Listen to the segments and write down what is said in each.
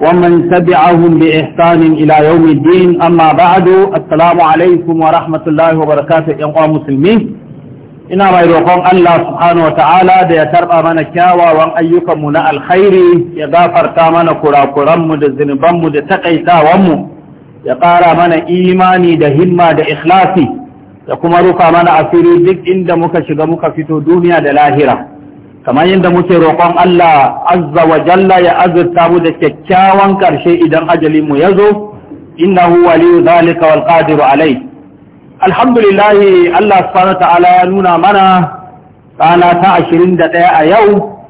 ومن تبعهم بإحسان إلى يوم الدين أما بعد السلام عليكم ورحمة الله وبركاته يا مسلمين ina mai roƙon Allah subhanahu ta'ala da ya tarba mana kyawawan ayyukanmu na alkhairi ya gafarta mana kurakuranmu da zunubanmu da takaitawanmu ya ƙara mana imani da himma da ikhlasi ya kuma ruka mana asiri duk inda muka shiga muka fito duniya da lahira kamar yadda muke roƙon Allah azza wa jalla ya azurta mu da kyakkyawan ƙarshe idan ajali mu ya zo innahu waliyu zalika wal qadiru alai alhamdulillah Allah subhanahu wa ta'ala ya nuna mana rana ta 21 a yau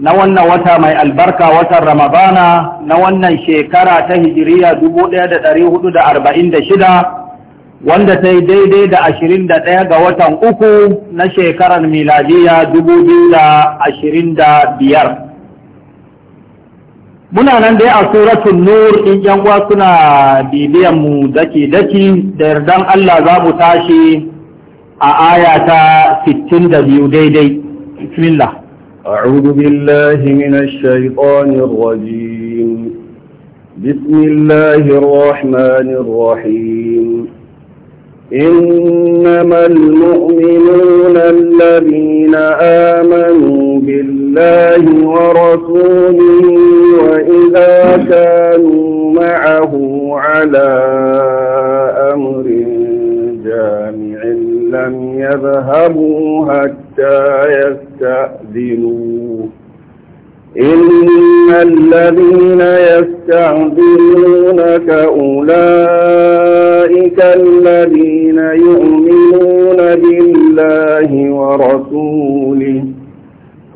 na wannan wata mai albarka watan Ramadana na wannan shekara ta hijiriya 1446 wanda ta yi daidai da ashirin da ɗaya ga watan uku na shekarar miladiya dubu biyu da ashirin da biyar. Muna nan dai a suratun Nur in uwa suna bibiyanmu daki-daki da yardan Allah za mu tashi a ayata ta biyu daidai. Bismillah. أعوذ بالله من الشيطان الرجيم بسم الله الرحمن الرحيم إنما المؤمنون الذين آمنوا بالله ورسوله وإذا كانوا معه على أمر جامع لم يذهبوا حتى يستأذنوه إن الذين يستعذنونك أولئك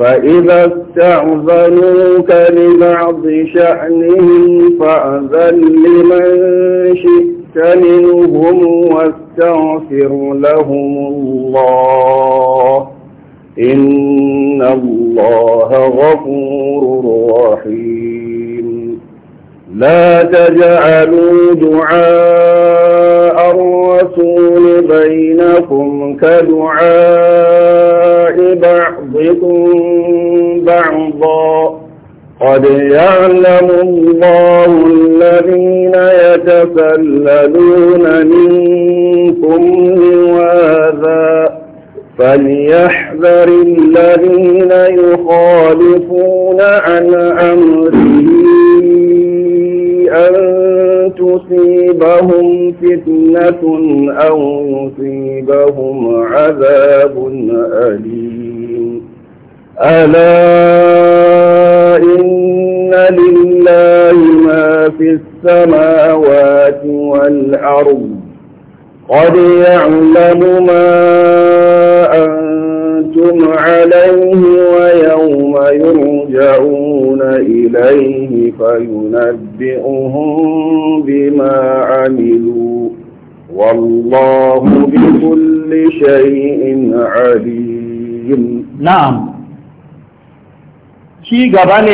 فإذا استعذنوك لبعض شأنهم فأذن لمن شئت منهم واستغفر لهم الله إن الله غفور رحيم لا تجعلوا دعاء الرسول بينكم كدعاء بعضكم بعضا قد يعلم الله الذين يتسللون منكم لواذا فليحذر الذين يخالفون عن أمره تصيبهم فتنة أو يصيبهم عذاب أليم ألا إن لله ما في السماوات والأرض قد يعلم ما أن يحكم عليه ويوم يرجعون إليه فينبئهم بما عملوا والله بكل شيء عليم نعم شي قبل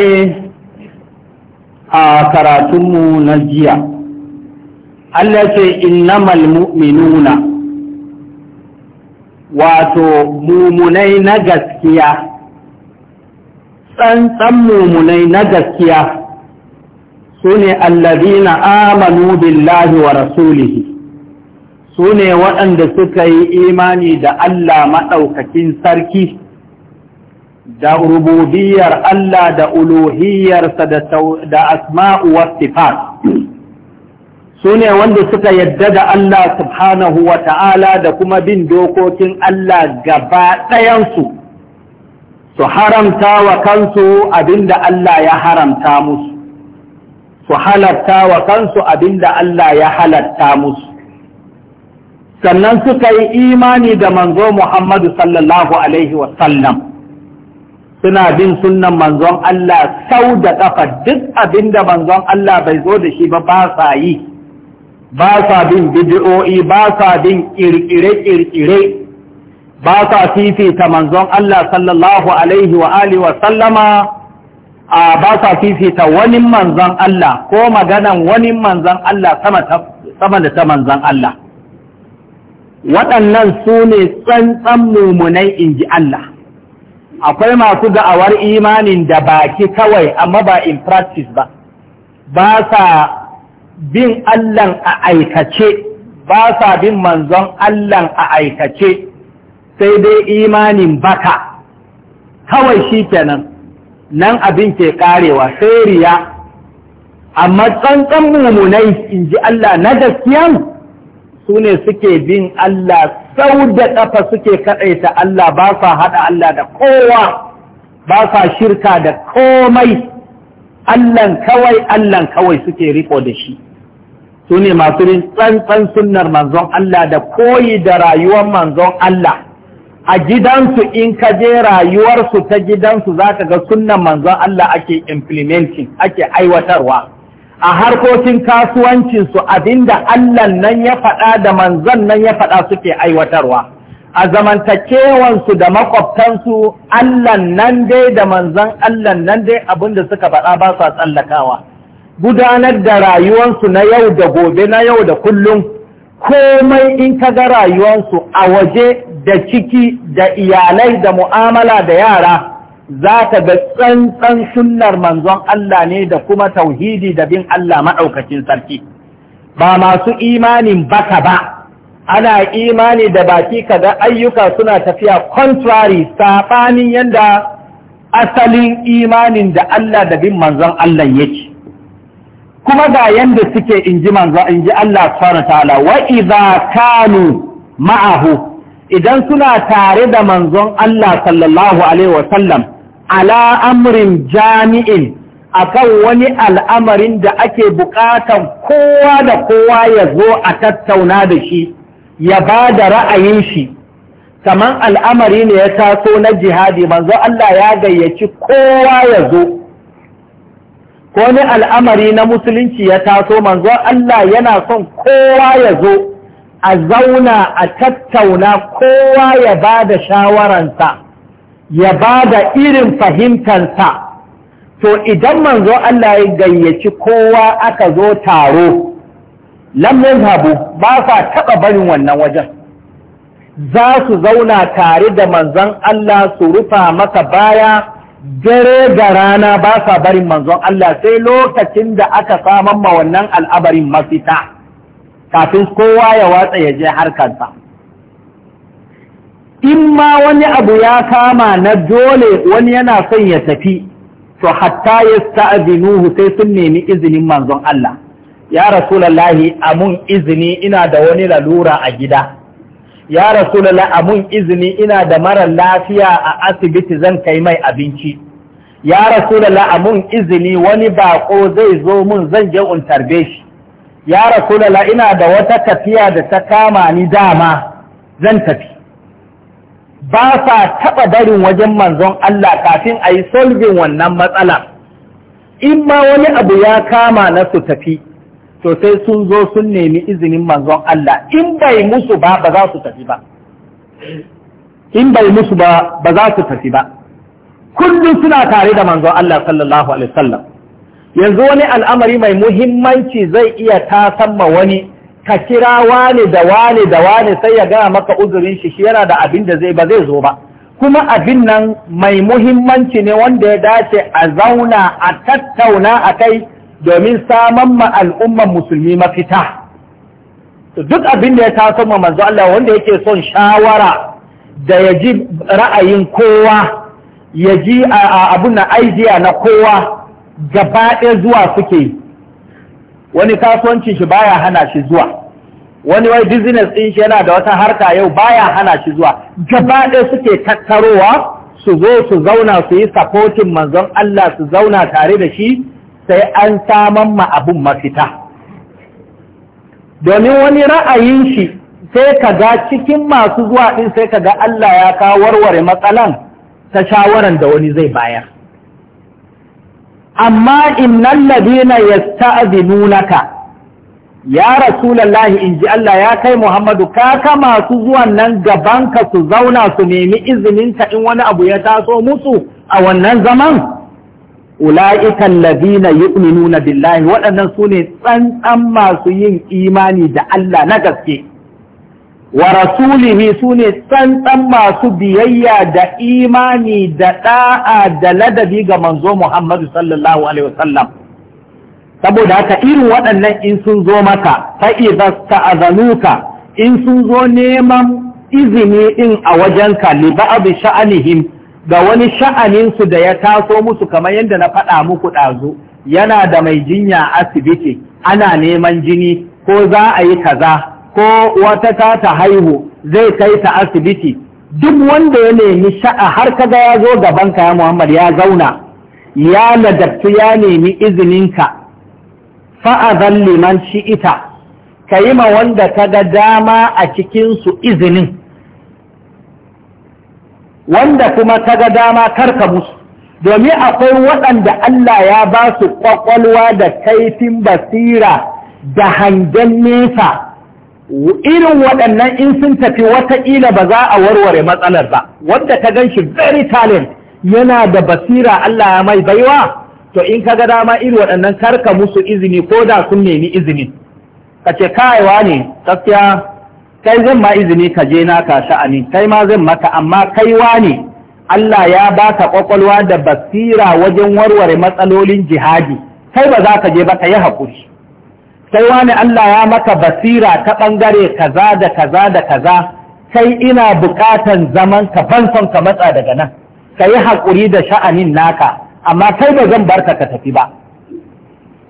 آكراتم نجيا التي إنما المؤمنون wato mumunai na gaskiya tsantsan mumunai na gaskiya sune ne allazina amanu billahi wa rasulihi su ne waɗanda suka yi imani da Allah maɗaukakin sarki da rububiyar Allah da uluhiyarsa da asma'u wa su ne wanda suka yadda da Allah subhanahu wa ta'ala da kuma bin dokokin Allah gaba ɗayansu su haramta wa kansu abinda Allah ya haramta musu su halatta wa kansu abinda Allah ya halatta musu sannan suka yi imani da manzo Muhammadu sallallahu Alaihi wasallam suna bin sunnan manzon Allah sau da ƙafa duk abinda manzon Allah bai zo da shi ba ba sa yi ba sa bin bidiyo'i ba sa bin ƙirƙire-ƙirƙire ba sa fifita manzon Allah sallallahu Alaihi wa Alihi wa sallama a ba sa fifita wani manzon Allah ko maganan wani manzon Allah sama da ta manzon Allah waɗannan su ne tsantsan mummunai in ji Allah akwai masu da'awar imanin da baki kawai amma ba in practice ba ba sa bin Allahn a aikace ba sa bin manzon Allahn a aikace sai dai imanin baka kawai shi kenan nan abin ke karewa sai riya amma tsantsan mummunai, in ji Allah na gaskiyan su ne suke bin Allah sau da ƙafa suke kaɗaita Allah ba sa haɗa Allah da kowa ba sa shirka da komai Allahn kawai Allahn kawai suke riko da shi su ne masu rin tsantsan sunnar manzon Allah da koyi da rayuwar manzon Allah a gidansu in ka je rayuwarsu ta gidansu za ka ga sunnan manzon Allah ake implementing ake aiwatarwa a harkokin kasuwancinsu abinda Allah nan ya faɗa da manzon nan ya faɗa suke aiwatarwa a zamantakewansu da makwabtansu allah nan dai da manzan allah nan dai abinda suka faɗa ba su tsallakawa gudanar da rayuwansu na yau da gobe na yau da kullum komai in ka ga rayuwansu a waje da ciki da iyalai da mu'amala da yara za ta ga tsantsan sunnar manzon Allah ne da kuma tauhidi da bin Allah maɗaukacin sarki ba masu imanin baka ba ana imani da baki kaga ayyuka suna tafiya contrary saɓanin yadda asalin imanin da Allah da bin manzon Allah yake kuma ga yadda suke inji manzo manzon Allah subhanahu ta'ala wa idza kanu ma'ahu idan suna tare da manzon Allah sallallahu alaihi wa sallam ala amrin jami'in akan wani al'amarin da ake bukatan kowa da kowa ya zo a tattauna da shi ya ba da ra'ayin shi kamar al'amari ne ya taso na jihadi manzo Allah ya gayyaci kowa ya zo ko ne al'amari na musulunci ya taso manzo Allah yana son kowa ya zo a zauna a tattauna kowa ya ba da shawaransa ya ba da irin fahimtansa to idan manzo Allah ya gayyaci kowa aka zo taro lam Habu ba sa taɓa barin wannan wajen za su zauna tare da manzon Allah su rufa maka baya dare da rana ba sa barin manzon Allah sai lokacin da aka saman ma wannan al'abarin mafita kafin kowa ya watsa ya je harkarsa in ma wani abu ya kama na dole wani yana son ya tafi to hatta ya sta'adinuhu sai sun nemi izinin manzon Allah ya a mun izini ina da wani lalura a gida ya rasulallahi amun izini ina da mara lafiya a asibiti zan kai mai abinci ya rasulallahi mun izini wani bako zai zo mun zan je in tarbe shi ya rasulallahi ina da wata tafiya da ta kama ni dama zan tafi ba sa taɓa darin wajen manzon Allah kafin a yi solving wannan matsala in ma wani abu ya kama na su tafi to sai sun zo sun nemi izinin manzon Allah in bai musu ba ba za su tafi ba in bai musu ba ba za su tafi ba kullum suna tare da manzon Allah sallallahu alaihi wasallam yanzu wani al'amari mai muhimmanci zai iya tasamma wani ka kira wani da wani da wani sai ya gaya maka uzurin shi shi yana da abin da zai ba zai zo ba kuma abin nan mai muhimmanci ne wanda ya dace a zauna a tattauna a kai domin saman ma al'umman musulmi mafita duk abin da ya taso ma manzo Allah wanda yake son shawara da ya ji ra'ayin kowa ya ji abu na idea na kowa gaba ɗaya zuwa suke wani kasuwancin shi baya hana shi zuwa wani wai business ɗin shi yana da wata harka yau baya hana shi zuwa gaba ɗaya suke tattarowa su zo su zauna su yi supporting manzon Allah su zauna tare da shi sai an saman ma abun mafita domin wani ra'ayin shi sai ka ga cikin masu zuwa ɗin sai ka ga Allah ya kawo warware matsalan ta shawaran da wani zai bayar amma nan ladina yasta'dinunaka ya rasulallahi in ji Allah ya kai Muhammadu kaka masu zuwan nan gabanka su zauna su nemi ta in wani abu ya taso musu a wannan zaman ula'ikan lazina yu'minuna billahi waɗannan su ne tsantsan masu yin imani da Allah na gaske wa rasulihi su ne tsantsan masu biyayya da imani da ɗa'a da ladabi ga manzo Muhammadu sallallahu alaihi wasallam saboda haka irin waɗannan in sun zo maka fa idza ta'azanuka in sun zo neman izini din a wajenka li ba'd sha'anihim ga wani sha'aninsu da ya taso musu kamar yadda na faɗa muku ɗazu yana da mai jinya asibiti ana neman jini ko za a yi kaza ko wata ta ta haihu zai kai ta asibiti duk wanda ya nemi sha'a har kaga ya zo gaban ka ya Muhammad ya zauna ya ladabtu ya nemi izininka fa'azan liman shi ita ka yi ma wanda ka ga dama a cikinsu izinin wanda kuma ta ga dama karka musu domin akwai waɗanda Allah ya ba su ƙwaƙwalwa da kaifin basira da hangen nesa irin waɗannan in sun tafi wataƙila ba za a warware matsalar ba wanda ta gan shi very talent yana da basira Allah ya mai baiwa to in ka ga dama irin waɗannan karka musu izini ko da sun nemi izini ka ce kayawa ne gaskiya kai zan ma izini ka je naka sha'ani kai ma zan maka amma kai wani Allah ya baka kwakwalwa da basira wajen warware matsalolin jihadi kai ba za ka je ba ka yi haƙuri kai wani Allah ya maka basira ta ɓangare kaza da kaza da kaza kai ina buƙatan zaman ka son ka matsa daga nan ka yi haƙuri da sha'anin naka amma kai ba zan barka ka tafi ba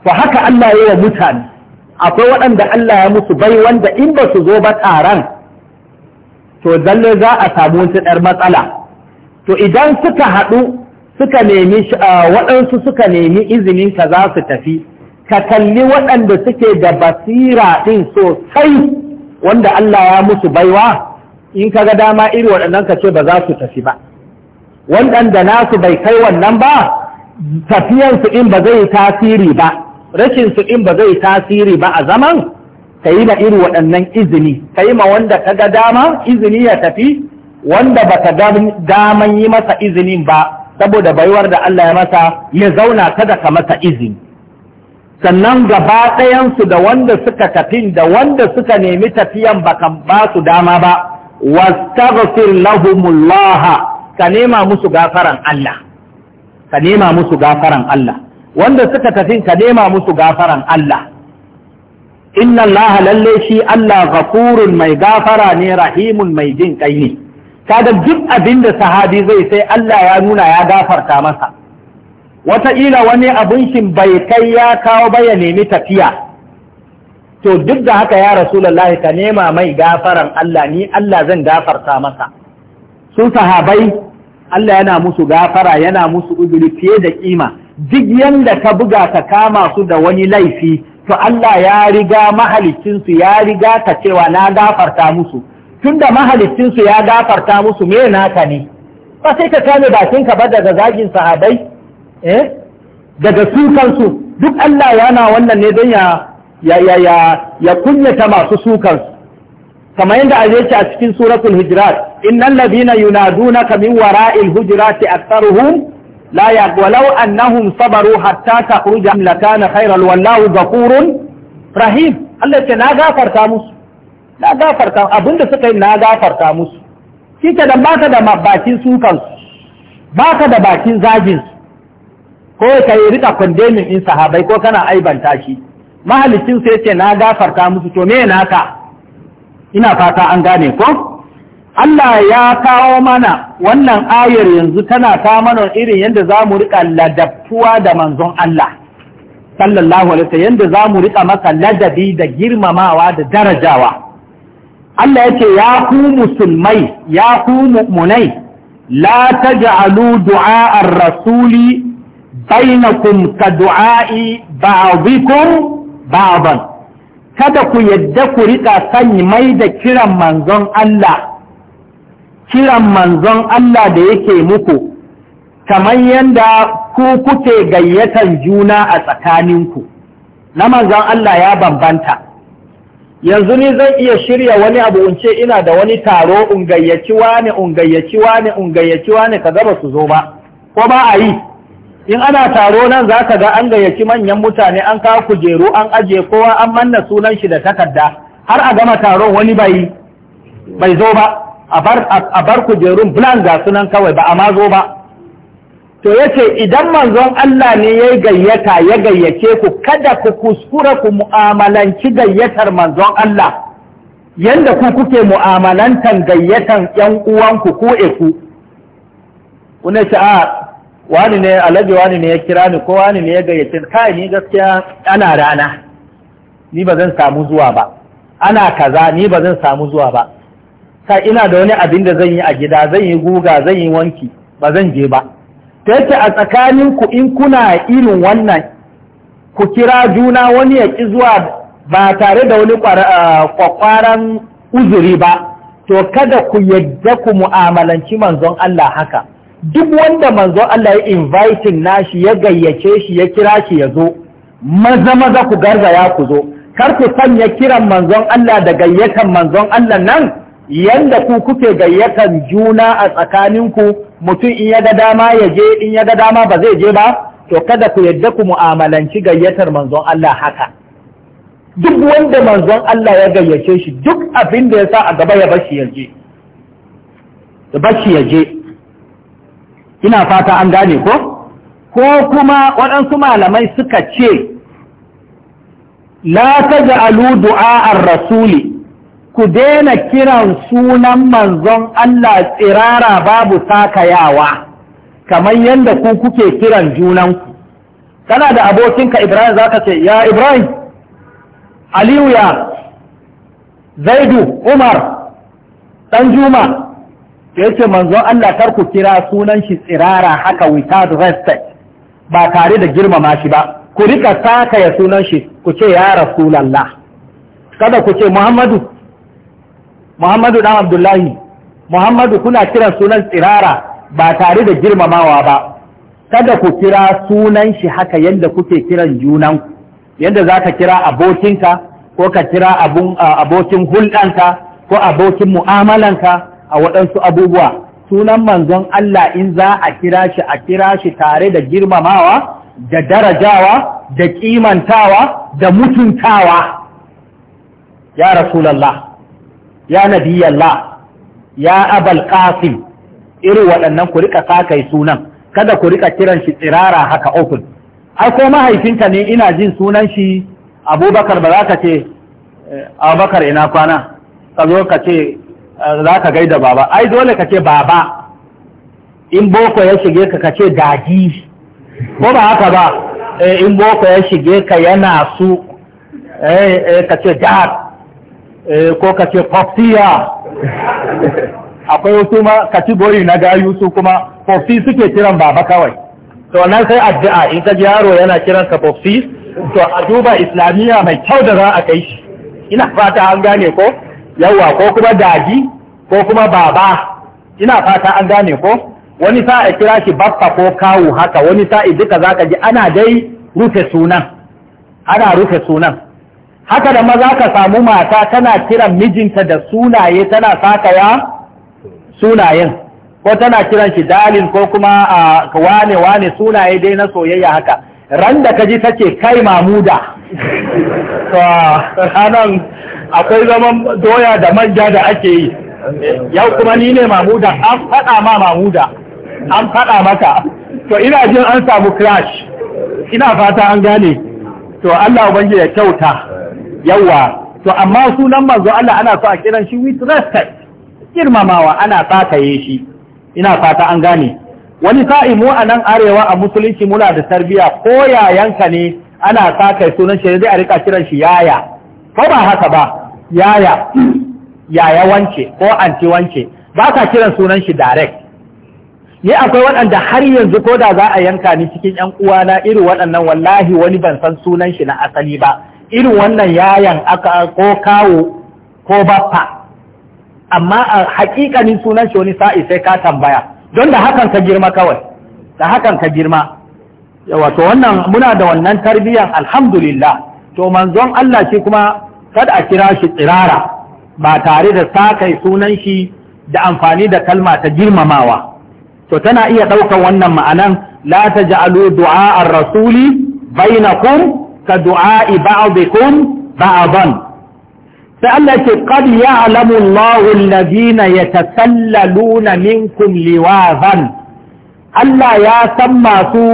to haka Allah ya yi wa mutane akwai waɗanda Allah ya musu bai wanda in ba su zo ba taron to zalle za a samu wata ɗar matsala to idan suka haɗu suka nemi waɗansu suka nemi izinin ka za su tafi ka kalli waɗanda suke da basira ɗin sosai wanda Allah ya musu baiwa in ka ga dama iri waɗannan ka ce ba za su tafi ba waɗanda nasu bai kai wannan ba tafiyansu in ba zai tasiri ba rashin su in ba zai tasiri ba a zaman ka yi ma iri waɗannan izini ka yi ma wanda ka ga dama izini ya tafi wanda ba ka daman yi masa izinin ba saboda baiwar da Allah ya masa ya zauna kada ka masa izini sannan gaba ɗayansu da wanda suka tafin da wanda suka nemi tafiyan bakan ba su dama ba wastaghfir lahumullah ka nema musu gafaran Allah ka nema musu gafaran Allah wanda suka tafi ka nema musu gafaran Allah inna Allah lalle shi Allah ghafurun mai gafara ne rahimun mai jin kai ne kaga duk abin da sahabi zai sai Allah ya nuna ya gafarta masa wataƙila wani abin shin bai kai ya kawo ba ya nemi tafiya to duk da haka ya rasulullahi ka nema mai gafaran Allah ni Allah zan gafarta masa su sahabai Allah yana musu gafara yana musu uzuri fiye da kima duk yanda ka buga ka kama su da wani laifi to Allah ya riga mahalicinsu ya riga ka cewa na gafarta musu tunda mahalicinsu ya gafarta musu me naka ne ba sai ka kame bakinka ba daga zagin sahabai eh daga su duk Allah yana wannan ne don ya kunyata masu su Kama kamar yadda aje ce a cikin suratul hujurat innal ladina na min wara'il a aktharuhum la ya walau annahum sabaru hatta takhruja lakana khairal wallahu ghafurun rahim Allah ce na gafarta musu na gafarta abinda suka yi na gafarta musu shi ke da baka da bakin sukan baka da bakin zagin ko ka yi rika kondemin in sahabai ko kana aibanta shi mahalicin sai ce na gafarta musu to me naka ina fata an gane ko Allah ya kawo mana wannan ayar yanzu tana ta mana irin yadda za mu riƙa ladabtuwa da manzon Allah, sallallahu alaihi yadda za mu riƙa masa ladabi da girmamawa da darajawa. Allah ya ce, Ya ku musulmai, ya ku mu'munai, la ta ja'alu du'a'ar rasuli bainakum ka du'a'i ba'dikum ban. Kada ku yadda ku riƙa sanyi mai da kiran manzon Allah kiran manzon Allah da yake muku kamar yadda ku kuke gayyatan juna a tsakaninku na manzon Allah ya bambanta yanzu ni zan iya shirya wani abu in ce ina da wani taro in gayyaci wani in gayyaci wani in gayyaci wani ka zaba su zo ba ko ba a yi in ana taro nan za ka ga an gayyaci manyan mutane an kawo kujeru an ajiye kowa an manna sunan shi da takarda har a gama taron wani bai zo ba a bar kujerun bulan ga sunan kawai ba a ma zo ba to yace idan manzon Allah ne ya gayyata ya gayyace ku kada ku kuskura ku mu'amalanci gayyatar manzon Allah yadda ku kuke mu'amalantan gayyatan yan uwanku ko eku e kuna ce a ah, wani ne alaji wani ne ya kira ni ko wani ne ya gayyace kai ni gaskiya ana rana ni ba zan samu zuwa ba ana kaza ni ba zan samu zuwa ba ka ina da wani abin da zan yi a gida zan yi guga zan yi wanki ba zan je ba ta yake a tsakanin ku in kuna irin wannan ku kira juna wani ya ki zuwa ba tare da wani kwakwaran uzuri ba to kada ku yadda ku mu'amalanci manzon Allah haka duk wanda manzon Allah ya inviting nashi ya gayyace shi ya kira shi ya zo maza maza ku garzaya ku zo kar ku sanya kiran manzon Allah da gayyatan manzon Allah nan yanda ku kuke gayyatan juna a tsakaninku mutum in ya ga dama ya je in ya ga dama ba zai je ba to kada ku yadda ku mu'amalanci gayyatar manzon Allah haka duk wanda manzon Allah ya gayyace shi duk abin da ya sa a gaba ya bashi ya je ya bashi ya je ina fata an gane ko ko kuma waɗansu malamai suka ce la taj'alu du'a ar-rasuli ku daina kiran sunan manzon Allah tsirara babu takayawa kamar yadda ku kuke kiran junanku kana da abokinka Ibrahim za ka ce ya Ibrahim Aliyu ya Zaidu Umar Ɗanjuma. Juma yace manzon Allah kar ku kira sunan shi tsirara haka without respect ba tare da girmama shi ba ku rika saka ya sunan shi ku ce ya Rasulallah kada ku ce Muhammadu muhammadu dan abdullahi muhammadu kuna kiran sunan tsirara ba tare da girmamawa ba kada ku kira sunan shi haka yadda kuke kiran junanku yadda za ka kira abokinka ko ka kira abokin hulɗanka ko abokin mu'amalanka a waɗansu abubuwa sunan manzon Allah in za a kira shi a kira shi tare da girmamawa da darajawa da kimantawa da mutuntawa ya rasulallah ya nabiyallah ya abal qasim irin waɗannan ku rika sakai sunan kada ku rika kiran shi tsirara haka open ai ko mahaifinka ne ina jin sunan shi abubakar ba za ka ce eh, abubakar ina kwana ka zo ka ce eh, za ka gaida baba ai dole ka ce baba in boko ya shige ka ka ce daji ko ba haka ba eh, in boko ya shige ka yana su ka ce jihar. Eh, ko ka ce fafiya akwai wasu ma kategori na gayu su kuma fafi suke kiran baba kawai to nan sai addu'a in ka yaro yana kiran ka fafi to a duba islamiyya mai kyau da za a kai shi ina fata an gane ko yawa ko kuma daji ko kuma baba ina fata an gane ko wani sa'a kira shi baffa ko kawu haka wani sa'i duka zaka ji ana dai rufe sunan ana rufe sunan haka da maza ka samu mata tana kiran mijinta da sunaye tana sakaya sunayen ko tana kiran shi dalin ko kuma a wane wane sunaye dai na soyayya haka ran da ka ji ta ce kai mamuda to ranar akwai zaman doya da manja da ake yi yau kuma ni ne mamuda an faɗa ma mamuda an faɗa maka to ina jin an samu crash ina fata an gane to Allah ubangiji ya kyauta yawa to amma sunan manzo Allah ana so a kiran shi with respect girmamawa ana tsakaye shi ina fata an gane wani sa'i mu a nan arewa a musulunci muna da tarbiya ko yayanka ne ana tsakaye sunan shi zai a rika kiran shi yaya ko ba haka ba yaya yaya wance ko anti wance ba ka kiran sunan shi direct ni akwai waɗanda har yanzu ko da za a yanka ni cikin ‘yan na irin waɗannan wallahi wani ban san sunan shi na asali ba irin wannan yayan aka ko kawo ko baffa amma a hakikanin sunan shi wani sa'i sai ka tambaya don da hakan ka girma kawai da hakan ka girma to wannan muna da wannan tarbiyyar alhamdulillah to manzon Allah shi kuma kada a kira shi tsirara ba tare da sakai sunan shi da amfani da kalma ta girmamawa to tana iya ɗaukar wannan ma'anan la taj'alu du'a ar-rasuli bainakum ka du'a'i ba'dikum ba'dan sai Allah ce qad ya'lamu Allahu alladhina yatasallaluna minkum liwazan Allah ya san masu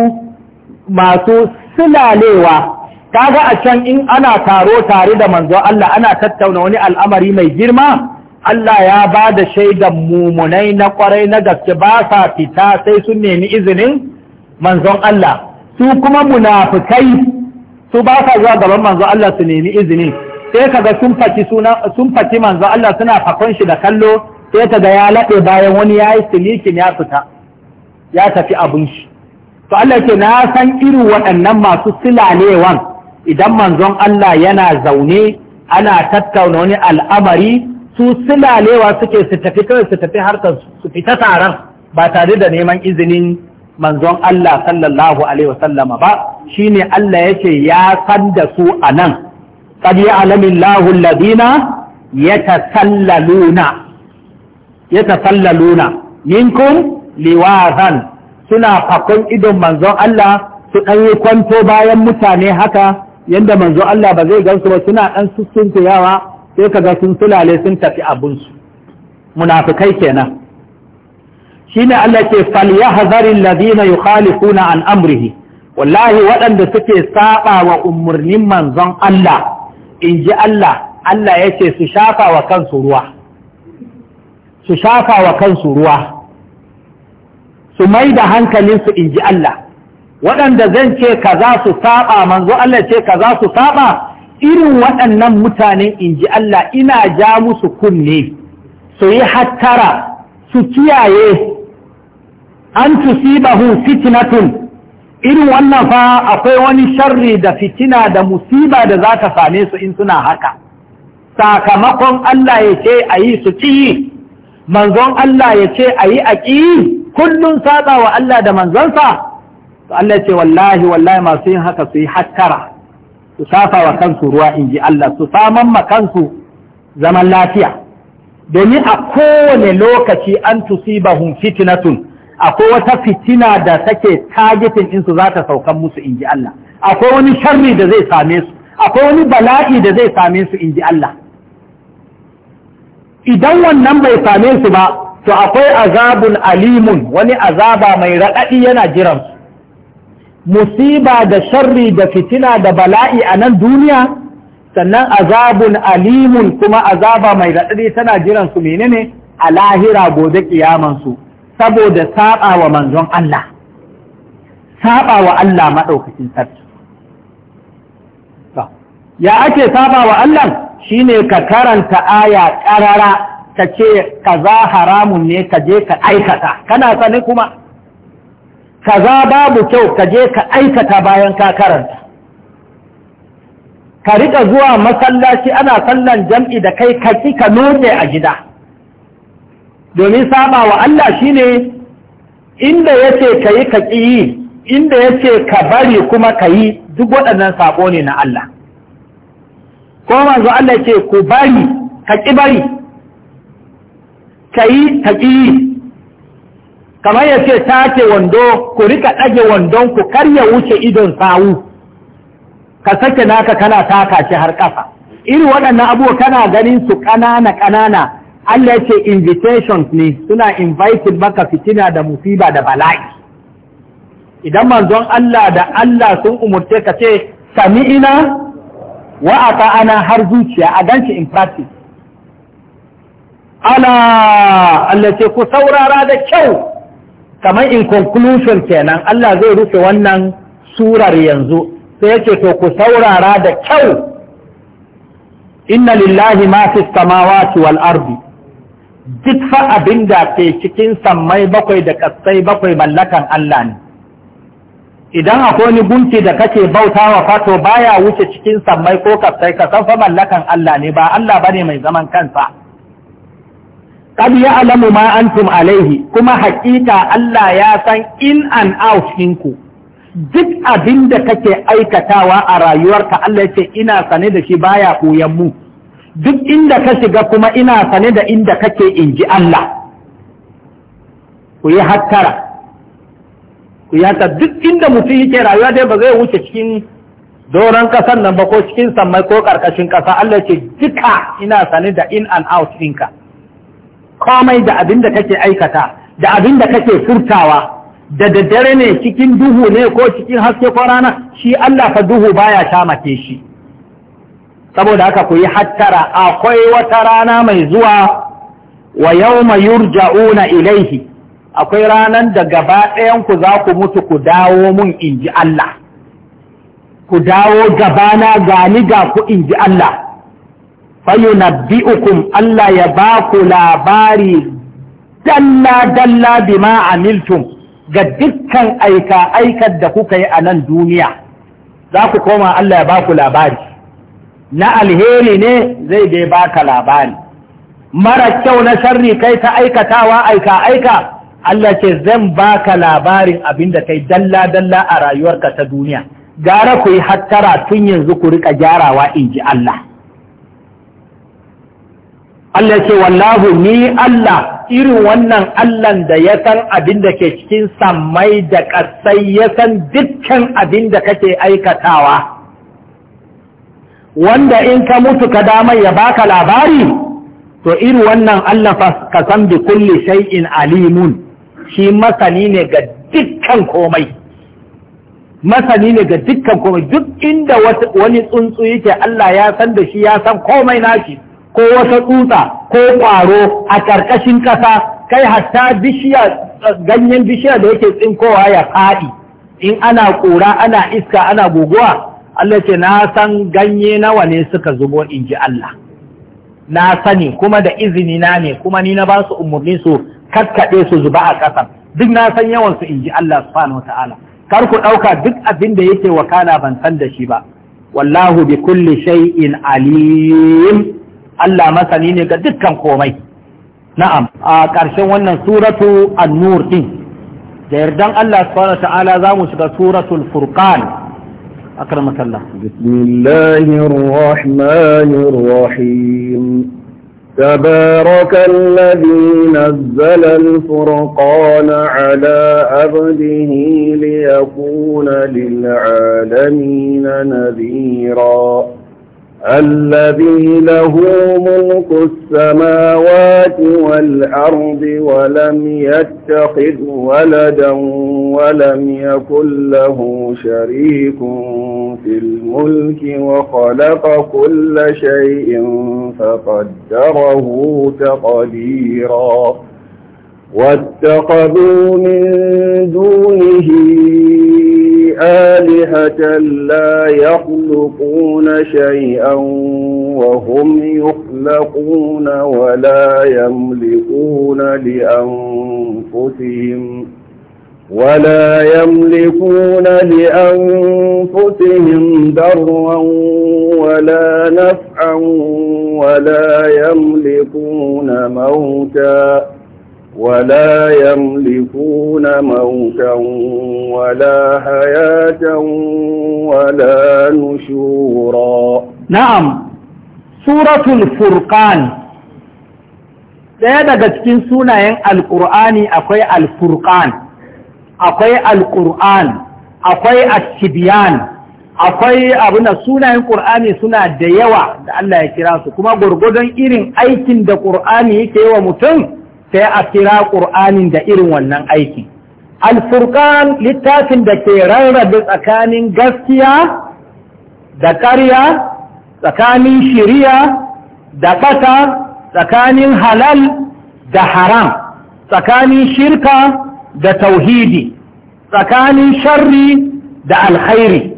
masu silalewa kaga a can in ana taro tare da manzo Allah ana tattauna wani al'amari mai girma Allah ya ba da shaidan mumunai na kwarai na gaske ba sa fita sai sun nemi izinin manzon Allah su kuma munafukai su ba sa zuwa gaban manzo Allah su nemi izini sai kaga sun faci suna sun manzo Allah suna fakon shi da kallo sai kaga ya laɗe bayan wani yayi silikin ya fita ya tafi abun shi to Allah ke na san irin waɗannan masu silalewan idan manzon Allah yana zaune ana tattauna wani al'amari su silalewa suke su tafi kawai su tafi harkar su fita taron ba tare da neman izinin manzon Allah sallallahu alaihi wasallama ba shine Allah yake ya san da su anan qad ya'lamu Allahu alladhina yatasallaluna yatasallaluna minkum liwazan suna fakon idon manzon Allah su ɗan yi kwanto bayan mutane haka yadda manzon Allah ba zai gansu ba suna ɗan yawa, sai ka ga sun sulale sun tafi abinsu munafukai kenan shine Allah ke falyahzaril ladina yukhalifuna an amrihi wallahi waɗanda suke saba wa umarnin manzon Allah inji Allah Allah ya ce su shafa wa kansu ruwa su shafa wa kansu ruwa su mai da hankalinsu in ji Allah waɗanda zan ce kaza su saba manzo Allah ce kaza su saba irin waɗannan mutanen inji Allah ina ja musu kunne su yi hattara su kiyaye an tusibahu fitnatun irin wannan fa akwai wani sharri da fitina da musiba da za ta same su in suna haka sakamakon Allah ya ce a yi su ci manzon Allah ya ce a yi a ƙi kullum saba wa Allah da manzonsa to Allah ya ce wallahi wallahi masu yin haka su yi hattara su safa wa kansu ruwa in ji Allah su saman ma kansu zaman lafiya domin a kowane lokaci an tusibahum fitnatun akwai wata fitina da take targetin insu za ta saukan musu in ji Allah akwai wani sharri da zai same su akwai wani bala'i da zai same su in ji Allah idan wannan bai same su ba to akwai azabun alimun wani azaba mai raɗaɗi yana jiran su musiba da sharri da fitina da bala'i a nan duniya sannan azabun alimun kuma azaba mai raɗaɗi tana jiran su menene a lahira gobe su saboda saba wa manzon Allah saba wa Allah maɗaukacin sarki ya ake saba wa Allah ne ka karanta aya ƙarara ka ce kaza haramun ne ka je ka aikata kana sani kuma kaza babu kyau ka je ka aikata bayan ka karanta ka riƙa zuwa masallaci ana sallan jam'i da kai ka ka nome a gida domin saba wa Allah shine inda yace kayi ka yi inda yace ka bari kuma ka yi, duk waɗannan saƙo ne na Allah ko manzo Allah ce ku bari ka ƙi bari yi ka ƙi kamar yace take wando ku rika ɗage wandon ku karya wuce idon sawu ka sake naka kana taka shi har ƙafa. iri waɗannan abubuwa kana ganin su ƙanana ƙanana Allah ce invitations ne suna invited maka fitina da musiba da bala'i idan manzon Allah da Allah sun umurce ka ce sami'ina wa ana har zuciya a ganci in practice ala Allah ce ku saurara da kyau kamar in conclusion kenan Allah zai rufe wannan surar yanzu sai yake to ku saurara da kyau inna lillahi ma fi samawati wal ardi duk fa abin da ke cikin sammai bakwai da kasai bakwai mallakan Allah ne idan akwai wani gunki da kake bauta wa fato baya wuce cikin sammai ko kasai ka san fa mallakan Allah ne ba Allah bane mai zaman kansa ya alamu ma antum alaihi kuma hakika Allah ya san in an out ɗinku duk abin da kake aikatawa a rayuwarka Allah ya ce ina sane da shi baya koyan mu duk inda ka shiga kuma ina sane da inda kake in ji Allah ku yi hattara ku yi hattara duk inda mutum yake rayuwa dai ba zai wuce cikin doron kasan nan ba ko cikin samai ko karkashin kasa Allah ce duka ina sane da in and out ɗinka komai da abin da kake aikata da abin da kake furtawa da daddare ne cikin duhu ne ko cikin haske ko rana shi Allah fa duhu baya shamake shi saboda haka ku yi hattara akwai wata rana mai zuwa wa yau yawma yurja'una ilaihi akwai ranar da gaba ku za ku mutu ku dawo mun inji Allah ku dawo gabana gani ga ku inji Allah bi'ukun Allah ya ba ku labari dalla dalla bima amiltum ga dukkan aika aikar da kuka yi a nan duniya za ku koma Allah ya ba ku labari na alheri ne zai dai baka labari mara kyau na sharri kai ta aikatawa aika aika Allah ce zan baka labarin abinda kai dalla dalla a rayuwarka ta duniya gara ku yi hattara tun yanzu ku rika gyarawa in ji Allah Allah ce wallahu ni Allah irin wannan Allahn da ya san abin da ke cikin sammai da ƙasai ya san dukkan abin da kake aikatawa wanda in ka mutu ka damar ya baka labari to iri wannan Allah fa ka san bi kulli shay'in alimun shi masani ne ga dukkan komai masani ne ga dukkan komai duk inda wani tsuntsu yake Allah ya san da shi ya san komai nashi ko wata tsutsa ko kwaro a karkashin ƙasa kai hatta bishiya ganyen bishiya da yake tsinkowa ya faɗi in ana ƙura ana iska ana guguwa Allah ce na san ganye nawa ne suka zubo in ji Allah na sani kuma da izini na ne kuma ni na ba su umarni su kakkaɗe su zuba a ƙasar duk na san yawan su in ji Allah subhanahu ta'ala kar ku ɗauka duk abin da yake wakala ban san da shi ba wallahu bi kulli shay'in alim Allah masani ne ga dukkan komai na'am a ƙarshen wannan suratu an-nur din da yardan Allah subhanahu ta'ala za mu shiga suratul furqan أكرمك الله بسم الله الرحمن الرحيم تبارك الذي نزل الفرقان على عبده ليكون للعالمين نذيراً الذي له ملك السماوات والأرض ولم يتخذ ولدا ولم يكن له شريك في الملك وخلق كل شيء فقدره تقديرا واتخذوا من دونه آلهة لا يخلقون شيئا وهم يخلقون ولا يملكون لأنفسهم ولا يملكون لأنفسهم ضرا ولا نفعا ولا يملكون موتا ولا يملكون موتا ولا حياة ولا نشورا نعم سورة الفرقان ɗaya daga cikin sunayen alƙur'ani akwai alfurqan akwai alƙur'an akwai ashibiyan akwai abin da sunayen ƙur'ani suna da yawa da Allah ya kira su kuma gwargwadon irin aikin da ƙur'ani yake yi wa mutum sai a kira ƙur'anin da irin wannan aiki alfurkan littafin da ke rarrabe tsakanin gaskiya da ƙarya tsakanin shiriya da ɓata tsakanin halal da haram tsakanin shirka da tauhidi tsakanin sharri da alkhairi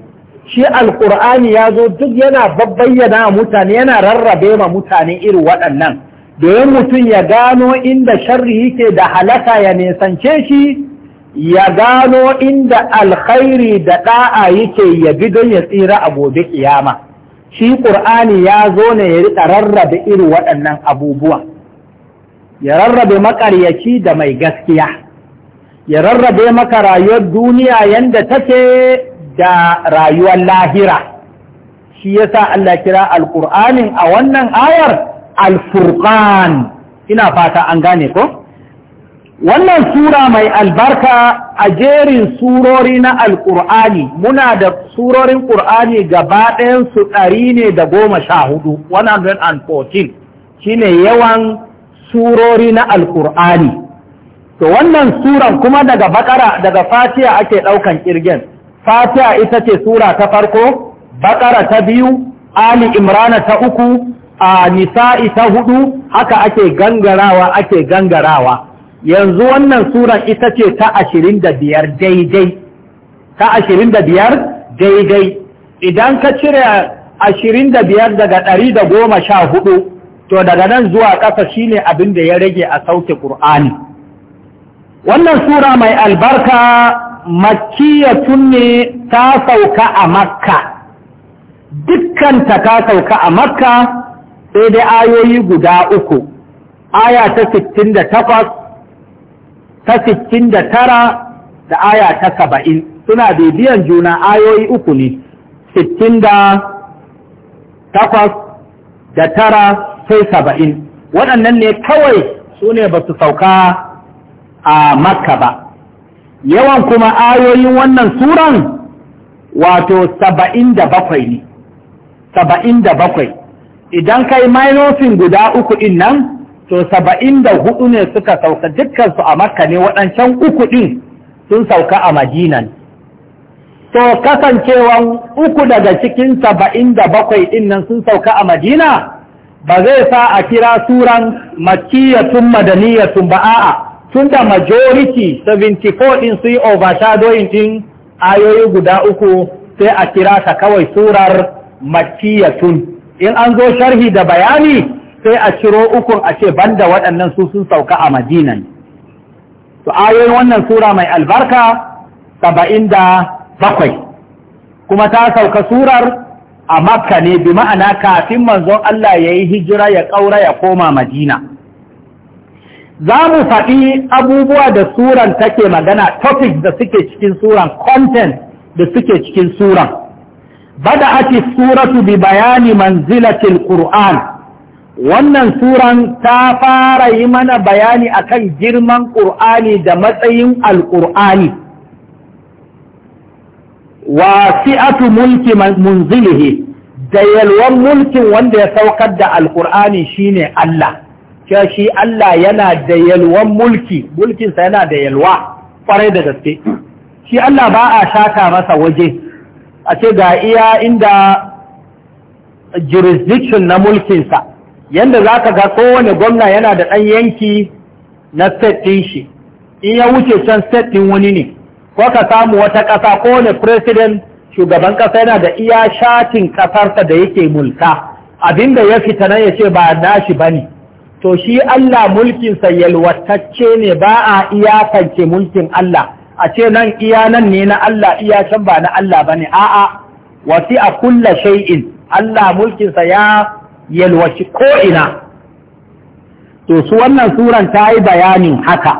shi alkur'ani ya zo duk yana babbayyana mutane yana rarrabe ma mutane irin waɗannan domin mutum ya gano inda sharri yake da halaka ya nisance shi ya gano inda alkhairi da ɗa'a yake ya bi don ya tsira a gobe ƙiyama, shi ƙur'ani ya zo ne ya riƙa rarrabe irin waɗannan abubuwa ya rarrabe maƙaryaci da mai gaskiya ya rarrabe maka rayuwar duniya yadda take da rayuwar lahira shi yasa Allah kira alƙur'anin a wannan ayar al-furqan ina fata an gane ko wannan sura mai albarka a jerin surori na alkur'ani muna da surorin ƙur'ani gaba ɗayansu ɗari ne da goma sha hudu 114 Shi ne yawan surori na alkur'ani to wannan suran kuma daga bakara daga fatiya ake ɗaukan ƙirgen fatiya ita ce sura ta farko bakara ta biyu ali imrana ta uku a nisa'i ta hudu haka ake gangarawa ake gangarawa yanzu wannan sura ita ce ta ashirin daidai ta ashirin daidai idan ka cire ashirin daga ɗari da goma sha hudu to daga nan zuwa ƙasa shine abin da ya rage a sauke ƙur'ani wannan sura mai albarka makiyatun ne ta sauka a makka dukkanta ta sauka a makka sai dai ayoyi guda uku aya ta 68 ta 69 da aya ta 70 suna bibiyan juna ayoyi uku ne 68 da tara sai saba'in waɗannan ne kawai su ne ba su sauka a makka ba yawan kuma ayoyin wannan suran wato saba'in da bakwai ne saba'in da bakwai idan kai minosin guda uku ɗin nan to saba'in da hudu ne suka sauka dukkansu a makka ne waɗancan uku ɗin sun sauka a madinan to kasancewan uku daga cikin saba'in da bakwai ɗin nan sun sauka a madina ba zai sa a kira suran makiyatun madaniyatun ba a'a tun da majority 74 ɗin su yi overshadowing din ayoyi guda uku sai a kira ta kawai surar makiyatun in an zo sharhi da bayani sai a ciro ukun a ce banda waɗannan su sun sauka a madina ne to ayoyin wannan sura mai albarka saba'in da bakwai kuma ta sauka surar a makka ne bi ma'ana kafin manzon Allah ya yi hijira ya ƙaura ya koma madina za mu faɗi abubuwa da suran take magana topics da suke cikin suran content da suke cikin suran بدأت السورة ببيان منزلة القرآن wannan suran ta fara yi mana bayani akan girman ƙur'ani da matsayin alƙur'ani wa fi'atu mulki munzilihi da yalwan mulkin wanda ya saukar da alƙur'ani shine Allah cewa shi Allah yana da yalwan mulki mulkinsa yana da yalwa kwarai da gaske shi Allah ba a shata masa waje a ce ga iya inda jurisdiction na mulkinsa yadda za ka ga kowane gwamna yana da ɗan yanki na setin shi in ya wuce can setin ɗin wani ne ko ka samu wata ƙasa kowane president shugaban ƙasa yana da iya shatin ƙasarsa da yake mulka abinda ya fita nan ya ce ba nashi ba ne to shi Allah mulkinsa yalwatacce ne ba a iyakance mulkin Allah a ce nan iya nan ne na Allah iya can ba na Allah ba ne a'a wasi a kulla shay'in Allah mulkinsa ya yalwaci ko'ina to su wannan suran ta yi bayanin haka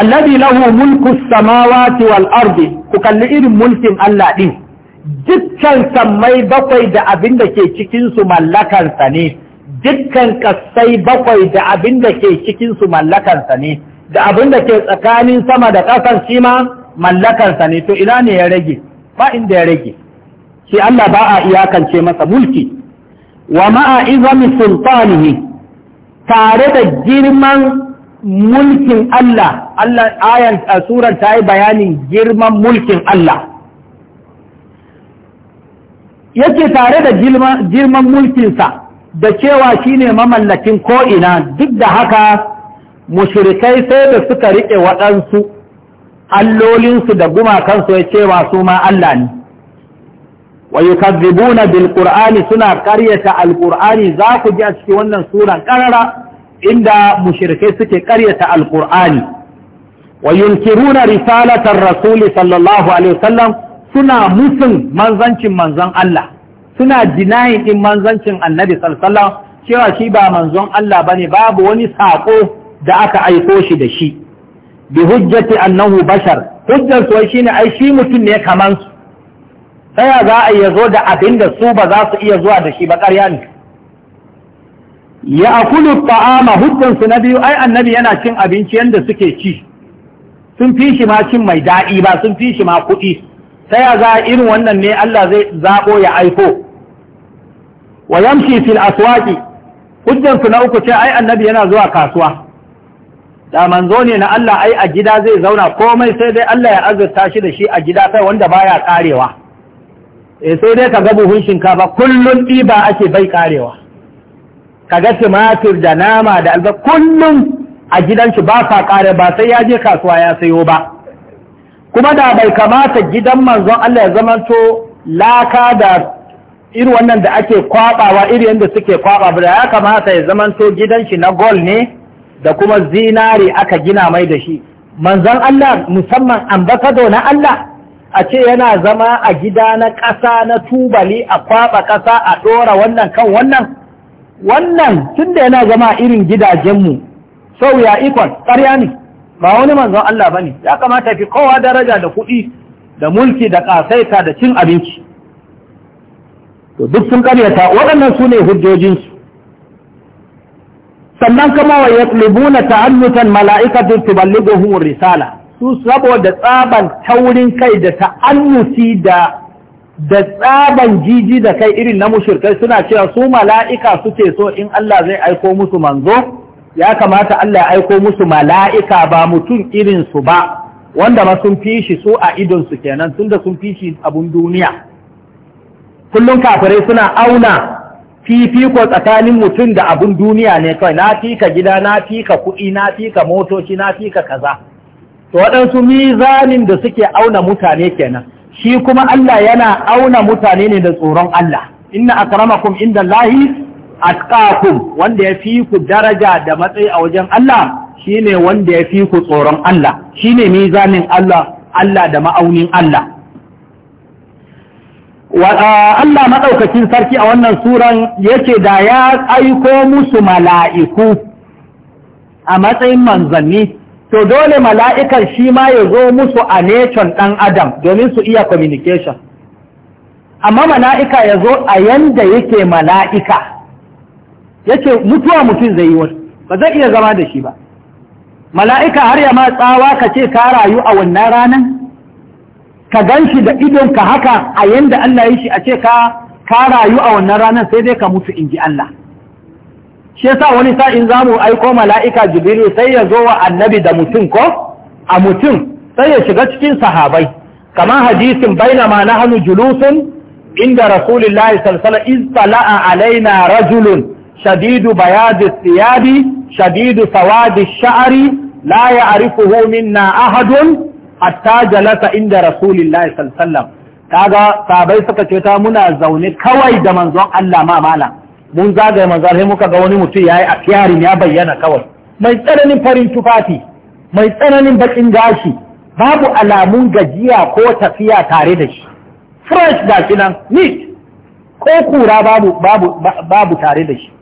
alladhi lahu mulku samawati wal ardi ku kalli irin mulkin Allah ɗin. dukkan sammai bakwai da abin da ke cikin mallakansa ne dukkan kasai bakwai da abin da ke cikinsu su mallakansa ne da abin da ke tsakanin sama da ƙasar shi ma mallakarsa ne to ina ne ya rage ba inda ya rage shi Allah ba a iyakance masa mulki wa ma'a izami sultanihi tare da girman mulkin Allah Allah ayan surar ta yi bayanin girman mulkin Allah yake tare da girman mulkinsa da cewa shine mamallakin ko'ina duk da haka Mushirikai sai da suka riƙe waɗansu allolinsu da gumakansu ya ce masu ma Allah ne wa bilkur'ani suna ƙaryata al qur'ani za ku ji a cikin wannan suran ƙarara inda mushirikai suke ƙaryata al qur'ani wa yunkiruna risalatar rasul sallallahu alaihi wasallam suna musun manzancin manzon Allah suna denying din manzancin annabi sallallahu alaihi wasallam cewa shi ba manzon Allah bane babu wani sako da aka aiko shi da shi bi hujjati annahu bashar hujjar su ne ai shi mutum ne kaman su za a iya zo da abinda su ba za su iya zuwa da shi ba ƙarya ne ya akulu ta'ama hujjar su na biyu ai annabi yana cin abinci yanda suke ci sun fi shi ma cin mai daɗi ba sun fi shi ma kuɗi Tsaya za irin wannan ne Allah zai zaɓo ya aiko wa yamshi fil aswaqi hujjar su na uku ce ai annabi yana zuwa kasuwa da manzo ne na Allah ai a gida zai zauna komai sai dai Allah ya azurta shi da shi a gida kai wanda baya karewa eh sai dai kaga buhun shinkafa kullun ɗiba ake bai karewa kaga tumatur da nama da alba kullun a gidan shi ba sa kare ba sai ya je kasuwa ya sayo ba kuma da bai kamata gidan manzo Allah ya zamanto laka da irin wannan da ake kwabawa irin yadda suke kwaba ba ya kamata ya zamanto gidan shi na gol ne da kuma zinari aka gina mai da shi manzon Allah musamman ambasado na Allah a ce yana zama a gida na ƙasa na tubali a kwaɓa ƙasa a ɗora wannan kan wannan wannan tun da yana zama irin gidajenmu sauya ikon ƙarya ne ba wani manzon Allah ba ne ya kamata fi kowa daraja da kuɗi da mulki da ƙasaita da cin abinci to duk sun ƙaryata waɗannan su ne hujjojinsu sannan kama wa yatlubuna ta'annutan mala'ikatu tuballighuhum risala su saboda tsaban taurin kai da ta'annuti da da tsaban jiji da kai irin na mushrikai suna cewa su mala'ika suke so in Allah zai aiko musu manzo ya kamata Allah ya aiko musu mala'ika ba mutum irin su ba wanda ma sun fi shi su a idon su kenan tunda sun fi shi abun duniya kullum kafirai suna auna fifiko tsakanin mutum da abin duniya ne kawai na fika gida na fika kuɗi na fika motoci na fika kaza to waɗansu mizanin da suke auna mutane kenan shi kuma Allah yana auna mutane ne da tsoron Allah inna akramakum inda lahi atqakum wanda ya fi ku daraja da matsayi a wajen Allah shine wanda ya fi ku tsoron Allah shine mizanin Allah Allah da ma'aunin Allah Allah maɗaukacin sarki a wannan suran yake da ya aiko musu mala'iku a matsayin manzanni, to dole mala'ikan shi ma ya zo musu a nechon ɗan Adam domin su iya communication. Amma mala'ika ya zo a yanda yake mala'ika, yake mutuwa mutum zai yi wani, ba zai iya zama da shi ba. Mala'ika har ya ma tsawa ka ce ka rayu a wannan ranar? ka gan shi da idonka haka a yanda Allah ya shi a ce ka ka rayu a wannan ranar sai dai ka mutu in ji Allah shi yasa wani sa'in za mu aiko mala'ika jibrilu sai ya zo wa annabi da mutum ko a mutum sai ya shiga cikin sahabai kamar hadisin bainama nahnu julusun inda rasulillahi sallallahu alaihi wasallam alaina rajulun shadidu bayadi thiyabi shadidu sawadi sha'ri la ya'rifuhu minna ahadun hatta jalasa inda rasulillahi sallallahu alaihi wasallam kaga sabai suka ce ta muna zaune kawai da manzon Allah ma mala mun zagaye manzon sai muka ga wani mutum yayi akiyari ya bayyana kawai mai tsananin farin tufafi mai tsananin bakin gashi babu alamun gajiya ko tafiya tare da shi fresh da kinan ko kura babu babu babu tare da shi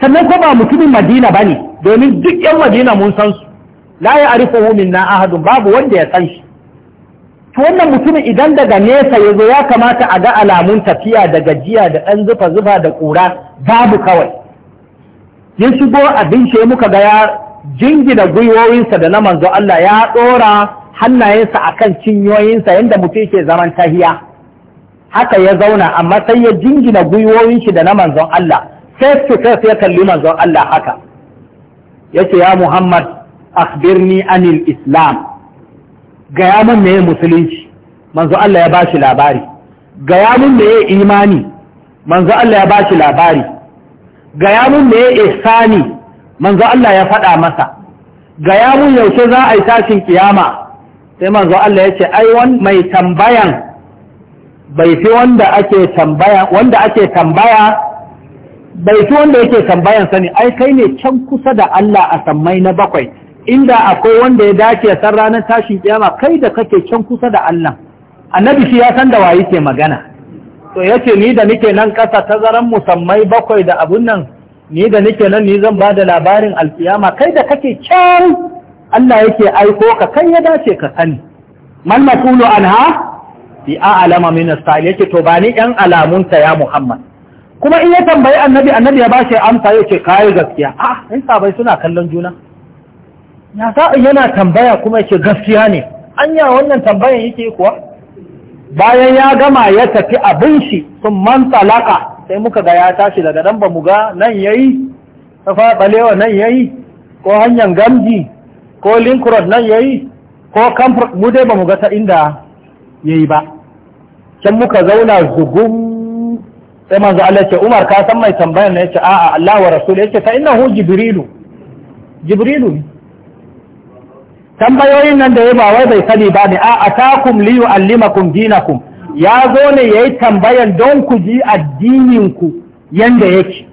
sannan ko ba mutumin Madina bane domin duk yan Madina mun san su la ya arifahu minna ahadun babu wanda ya san shi to wannan mutumin idan daga nesa ya zo ya kamata a ga alamun tafiya da gajiya da ɗan zufa zufa da ƙura babu kawai ya shigo abin shi muka ga ya jingina gwiwoyinsa da na manzo Allah ya ɗora hannayensa a kan cinyoyinsa yadda mutum ke zaman tahiya haka ya zauna amma sai ya jingina gwiwoyin shi da na manzon Allah face to face ya kalli manzon Allah haka yace ya Muhammad akhbirni anil islam gaya min meye musulunci manzo Allah ya bashi labari gaya min meye imani manzo Allah ya bashi labari gaya min meye ihsani manzo Allah ya faɗa masa gaya min yaushe za a yi tashin kiyama sai manzo Allah ya ce ai wan mai tambayan bai fi wanda ake tambaya wanda ake tambaya bai fi wanda yake tambayan sani ai kai ne can kusa da Allah a sammai na bakwai inda akwai wanda ya dace san ranar tashin kiyama kai da kake can kusa da Allah annabi shi ya san da waye ke magana to yace ni da nake nan kasa tazaran musammai bakwai da abun nan ni da nake nan ni zan bada labarin alkiyama kai da kake can Allah yake aiko ka kai ya dace ka sani man maqulu anha bi a'lama min as-sa'il to ba ni yan alamun ta ya Muhammad kuma in ya tambayi annabi annabi ya bashi amsa yace kai gaskiya ah in sabai suna kallon juna na yana tambaya kuma yake gaskiya ne anya wannan tambayan yake kuwa bayan ya gama ya tafi abin shi sun man talaka sai muka ga ya tashi daga dan ba mu ga nan yayi ta faɗalewa nan yayi ko hanyar gamji ko linkurod nan yayi ko kamfur mu dai ba mu ga ta inda yayi ba can muka zauna zugum sai manzo Allah ce Umar ka san mai tambayan ne ce a'a Allah wa rasul yace fa innahu jibrilu jibrilu tambayoyin nan da ya ba wai bai sani ba ne a atakum li yu'allimakum dinakum ya zo ne yayi tambayan don ku ji addinin ku yanda yake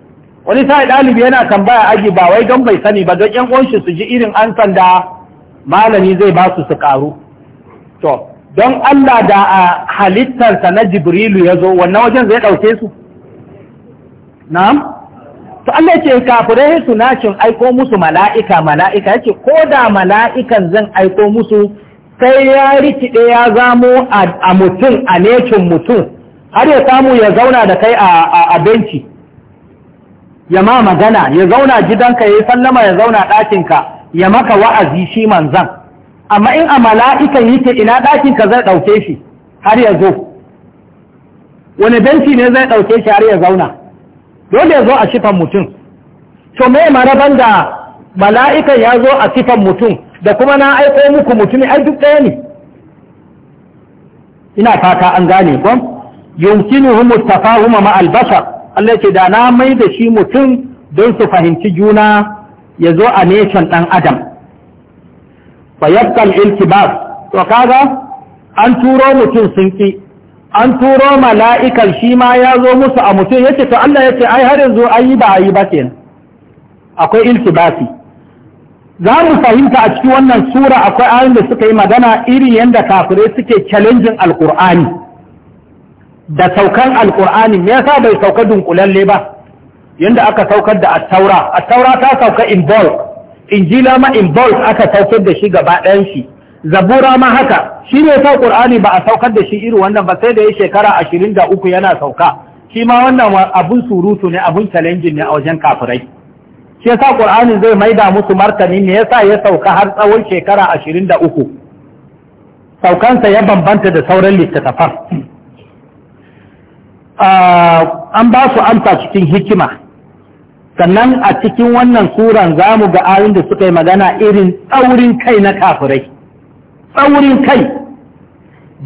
wani sai dalibi yana tambaya aji ba wai don bai sani ba don yan uwan shi su ji irin an sanda malami zai ba su su karu to don Allah da a halittarsa na Jibrilu ya zo wannan wajen zai dauke su na'am to Allah ce kafirai su cin aiko musu mala'ika mala'ika yake ko da mala'ikan zan aiko musu sai ya rikide ya zamo a mutum a necin mutum har ya samu ya zauna da kai a benci ya ma magana ya zauna gidanka ya yi sallama ya zauna ɗakinka ya maka wa'azi shi manzan amma in a mala'ikan yake ina ɗakinka zai ɗauke shi har ya zo wani benci ne zai ɗauke shi har ya zauna dole ya zo a sifan mutum to me maraban da mala'ikan ya zo a sifan mutum da kuma na aiko muku mutum ai duk ɗaya ne ina fata an gane gwam yumkinuhum tafahuma ma albashar Allah ce da na mai da shi mutum don su fahimci juna ya zo a neshan ɗan adam Ba fa ilki ba. to kaga an turo mutum sun ƙi an turo mala’ikar shi ma ya zo musu a mutum ya ce to Allah ya ce ai har yanzu ayi ba ayi ba ke akwai ilki iltibasi za mu fahimta a cikin wannan sura akwai ayin da suka yi magana irin yadda kafirai suke challenging alkur'ani da saukan alkur'ani me yasa bai sauka dunkulalle ba yadda aka saukar da attaura attaura ta sauka in bulk injila ma in bulk aka saukar da shi gaba ɗayan shi zabura ma haka shi ne sa qur'ani ba a saukar da shi iri wannan ba sai da ya shekara ashirin da uku yana sauka shi ma wannan abun surutu ne abun challenge ne a wajen kafirai shi yasa qur'ani zai maida musu martani ne yasa ya sauka har tsawon shekara ashirin da uku saukansa ya bambanta da sauran littattafan ah, an ba su amsa cikin hikima sannan a cikin wannan suran za mu ga ayin da suka yi magana irin tsaurin kai na kafirai tsaurin kai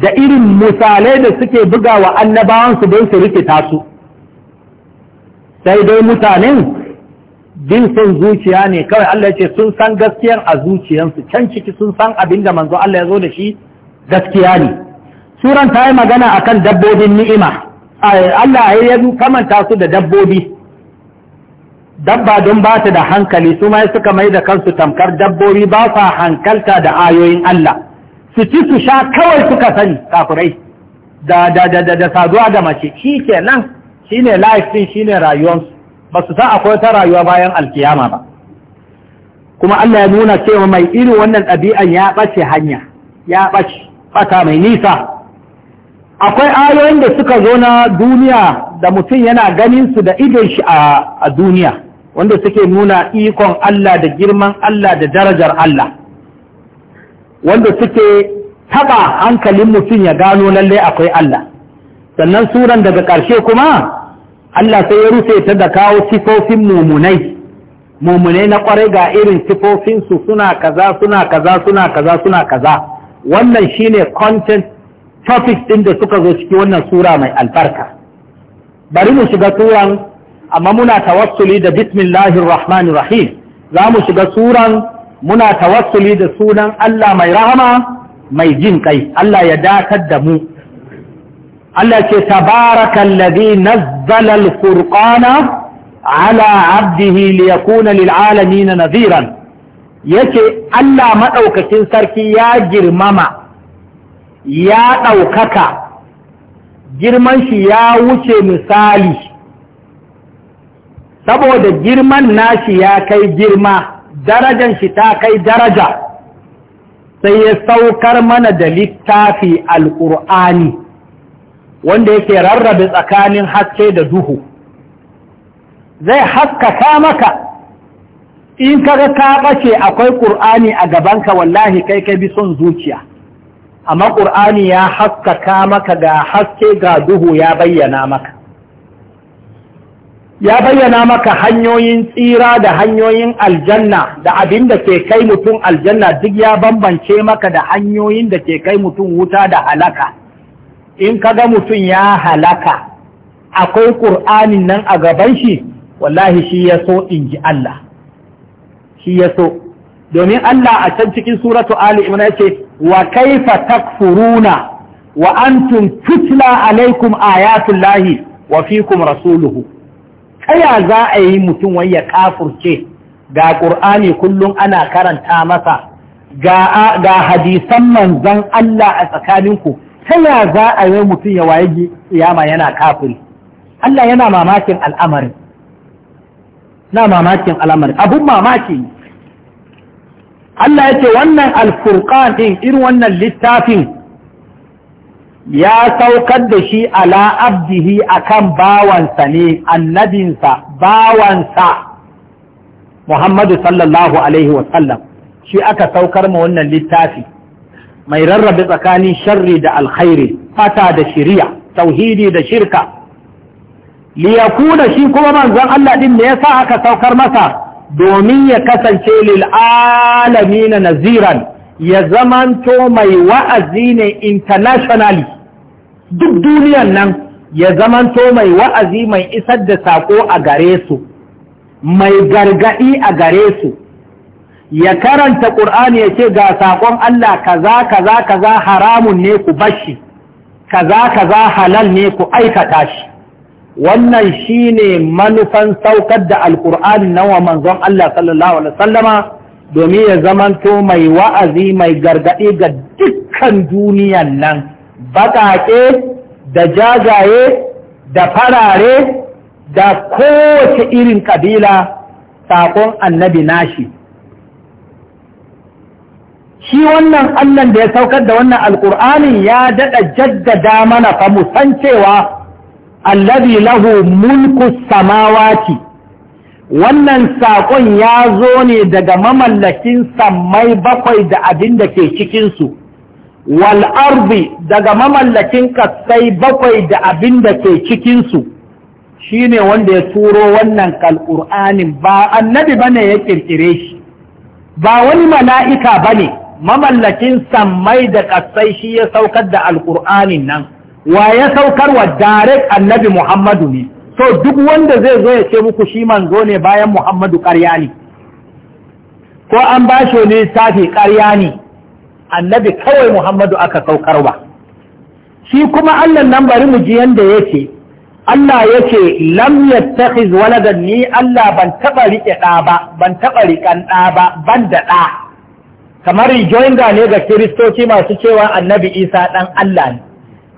da irin misalai da suke buga wa annabawansu don su rikita su sai dai mutanen bin son zuciya ne kawai Allah ce sun san gaskiyan a zuciyansu can ciki sun san abin da manzo Allah ya zo da shi gaskiya ne suran ta yi magana akan dabbobin ni'ima Allah ya yi kamanta su da dabbobi dabba don ba ta da hankali su ma suka mai da kansu tamkar dabbobi ba sa hankalta da ayoyin Allah su ci su sha kawai suka sani kafirai da da da mace shi ke nan, shi ne laifin, shi ne shine ba su san akwai ta rayuwa bayan alkiyama ba kuma Allah ya nuna cewa mai irin wannan ɗabi'an ya ɓace hanya ya ɓace ɓata mai nisa akwai ayoyin da suka zo na duniya da mutum yana ganin su da idon shi a duniya wanda suke nuna ikon Allah da girman Allah da darajar Allah wanda suke taba hankalin mutum ya gano lalle akwai Allah sannan suran daga ƙarshe kuma Allah sai ya rufe ta da kawo sifofin mumunai mumunai na kwarai ga irin sifofinsu suna kaza suna kaza suna kaza suna kaza wannan shine content topic ɗin da suka zo ciki wannan sura mai albarka bari mu shiga turan amma muna tawassuli da bismillahir rahmanir rahim za mu shiga suran muna tawassuli da sunan Allah mai rahama mai jin kai Allah ya dakar da mu Allah ce tabarakal ladhi nazzala al-furqana ala 'abdihi liyakuna lil 'alamin nadhiran yace Allah madaukakin sarki ya girmama ya daukaka girman shi ya wuce misali saboda girman nashi ya kai girma darajan shi ta kai daraja sai ya saukar mana da littafi alƙur'ani wanda yake rarrabe tsakanin haske da duhu zai haskaka maka in kaga ka ɓace akwai ƙur'ani a gabanka wallahi kai kai bi son zuciya amma ƙur'ani ya haskaka maka ga haske ga duhu ya bayyana maka ya bayyana maka hanyoyin tsira da hanyoyin aljanna da abin da ke kai mutum aljanna duk ya bambance maka da hanyoyin da ke kai mutum wuta da halaka in ka ga mutum ya halaka akwai ƙur'anin nan a gaban shi wallahi shi ya so in ji Allah shi ya so domin Allah a can cikin suratu Ali Imran ce, wa kaifa takfuruna wa antum tutla alaikum ayatullahi wa fikum rasuluhu ta ya za a yi mutum wai ya kafurce ga ƙur'ani kullum ana karanta masa ga hadisan manzan Allah a tsakaninku ta ya za a yi mutum ya waye kiyama yana kafiri Allah yana mamakin al'amarin na mamakin al'amarin abun mamaki Allah ya ce wannan alfurqan din irin wannan littafin ya saukar da shi ala abdihi akan bawansa ne annabinsa bawansa Muhammadu sallallahu alaihi wasallam shi aka saukar ma wannan littafi mai rarrabe tsakanin sharri da alkhairi fata da shiriya tauhidi da shirka liyakuna shi kuma manzon Allah din ne yasa aka saukar masa domin ya kasance lil alamin naziran ya zamanto mai wa'azi ne internationally duk duniyan nan ya zamanto mai wa'azi mai isar da saƙo a gare su mai gargaɗi a gare su ya karanta ƙur'ani ya ce ga saƙon Allah kaza kaza kaza haramun ne ku bashi kaza kaza halal ne ku aikata shi wannan shine manufan saukar da alƙur'ani na wa manzon Allah sallallahu alaihi wasallama domin ya zamanto mai wa'azi mai gargaɗi ga dukkan duniyan nan baƙaƙe da jajaye da farare da kowace irin ƙabila saƙon annabi nashi shi wannan allahn da ya saukar da wannan alƙur'anin ya daɗa jaddada mana fa cewa bi lahu mulku samawati wannan saƙon ya zo ne daga mamallakin sammai bakwai da abin da ke cikinsu wal'arbi daga mamallakin kasai bakwai da abin da ke cikinsu shi ne wanda ya turo wannan kal'ur'anin ba annabi ba ne ya ƙirƙire shi ba wani mala'ika ba ne mamallakin sammai da kasai shi ya saukar da al'ur'anin nan wa ya saukarwa darek annabi muhammadu ne to duk wanda zai zo ya ce muku shi manzo ne bayan Muhammadu ƙarya ne ko an ba shi wani tafi ƙarya ne annabi kawai Muhammadu aka saukar ba shi kuma Allah nan bari mu ji yanda yake Allah yake lam yattakhiz waladan ni Allah ban taɓa rike ɗa ba ban taɓa rikan ɗa ba ban da ɗa kamar rejoinder ne ga kiristoci masu cewa annabi Isa ɗan Allah ne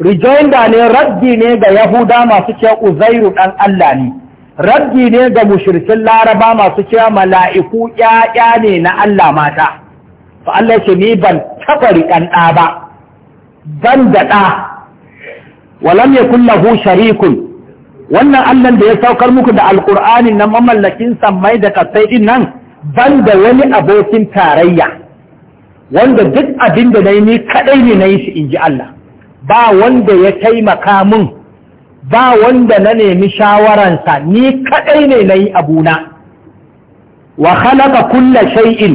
rejoinder ne raddi ne ga yahuda masu cewa uzairu ɗan Allah ne raddi ne ga mushrikin laraba masu cewa mala'iku ƴaƴa ne na Allah mata Fa Allah ce ni ban taɓa riƙan ɗa ba ban da ɗa walam yakun lahu sharikun wannan allah da ya saukar muku da alkur'ani na mamallakin mai da kasai din nan ban da wani abokin tarayya wanda duk abin da na yi ni kaɗai ne na yi shi in ji Allah ba wanda ya taimaka mun ba wanda na nemi shawaransa ni kadai ne na yi abuna wa khalaqa kulla shay'in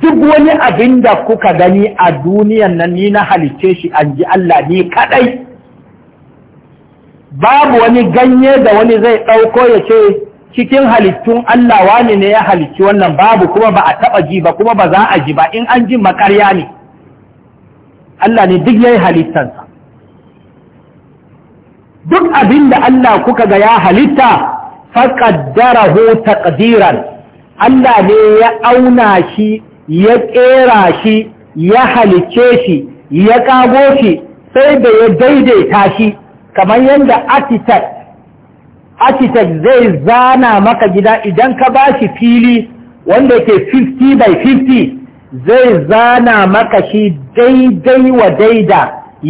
duk wani abin da kuka gani a duniyan nan ni na halice shi an ji Allah ni kadai babu wani ganye da wani zai ɗauko ya ce cikin halittun Allah wani ne ya halicci wannan babu kuma ba a taɓa ji ba kuma ba za a ji ba in an ji makarya ne Allah ne duk ya halittansa duk abin da Allah kuka ga ya halitta faƙaddarahu taqdiran Allah ne ya auna shi ya ƙera shi ya halice shi ya ƙago shi sai da ya daidaita shi kamar yadda architect architect zai zana maka gida idan ka ba shi fili wanda ke 50 by 50 zai zana maka shi daidai wa daida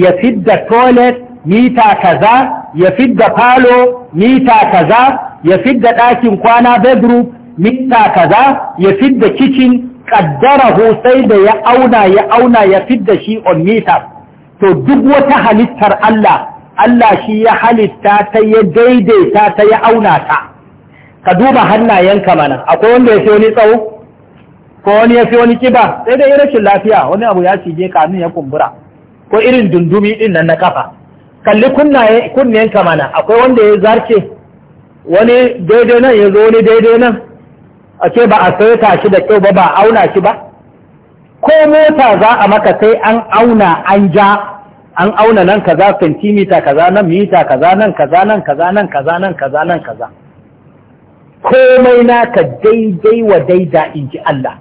ya fidda toilet mita kaza ya fidda falo mita kaza ya fidda ɗakin kwana bedroom mita kaza ya fidda kicin ƙaddara sai da ya auna ya auna ya fidda shi on mita to duk wata halittar Allah Allah shi ya halitta ta ya daidaita ta ya auna ta ka duba hannayenka mana akwai wanda ya fi wani tsawo ko wani ya fi wani kiba sai dai rashin lafiya wani abu ya cije ka ya kumbura ko irin dundumi din nan na kafa kalli kunniyan ka mana akwai wanda ya zarce wani daidai nan ya zo wani daidai nan a ce ba a saita shi da kyau ba ba auna shi ba ko mota za a maka sai an auna an ja an auna nan kaza sentimita kaza nan mita kaza nan kaza nan kaza nan kaza nan kaza nan kaza komai naka daidai wa daida in ji Allah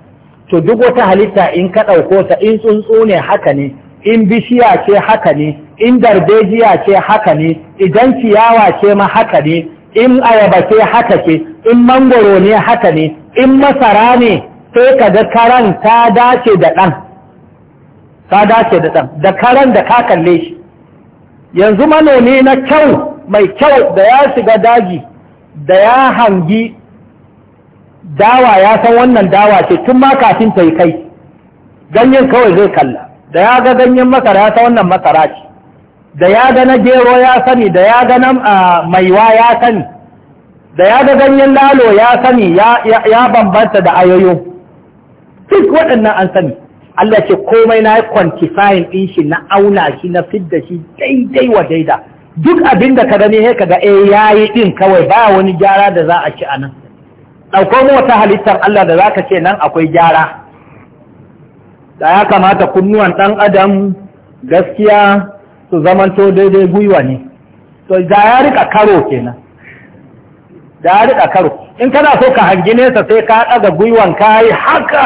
to duk wata halitta in ka ɗauko ta in tsuntsu ne haka ne in bishiya ce haka ne in darbejiya ce haka ne idan ciyawa ce ma haka ne in ayaba ce haka ce in mangoro ne haka ne in masara ne sai ka ga karan ta dace da ɗan ta dace da ɗan da karan da ka kalle shi yanzu manomi na kyau mai kyau da ya shiga daji da ya hangi dawa ya san wannan dawa ce tun ma kafin ta yi kai ganyen kawai zai kalla da ya ga ganyen masara ya san wannan masara ce da ya ga na gero ya sani da ya ga na ah, maiwa ya sani da ya ga ganyen lalo ya sani ya bambanta da ayoyo duk waɗannan an sani Allah ce komai na yi ɗin shi na auna shi na fidda shi daidai wa daida duk abin da ka gani sai ka ga eh yayi ɗin kawai ba wani gyara da za a ci a nan ɗauko mu wata halittar Allah da za ka ce nan akwai gyara da ya kamata kunnuwan ɗan adam gaskiya su zamanto daidai gwiwa ne to da ya rika karo kenan da ya rika karo in kana so ka hangi nesa sai ka ɗaga gwiwan ka yi haka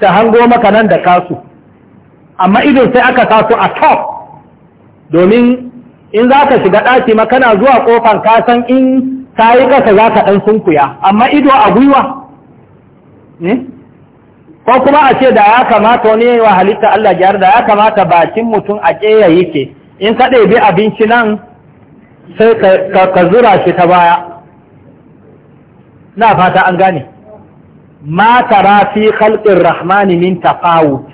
ta hango maka nan da kasu amma idon sai aka sa a top domin in za ka shiga ɗaki ma kana zuwa ƙofar kasan in ta yi ƙasa za ka ɗan sunkuya amma ido a gwiwa ko kuma a ce da ya kamata wani wa halitta Allah gyara da ya kamata bakin mutum a ƙeya yake in ka ɗebi abinci nan sai ka zura shi ta baya na fata an gane ma tara fi khalqir rahmani min tafawut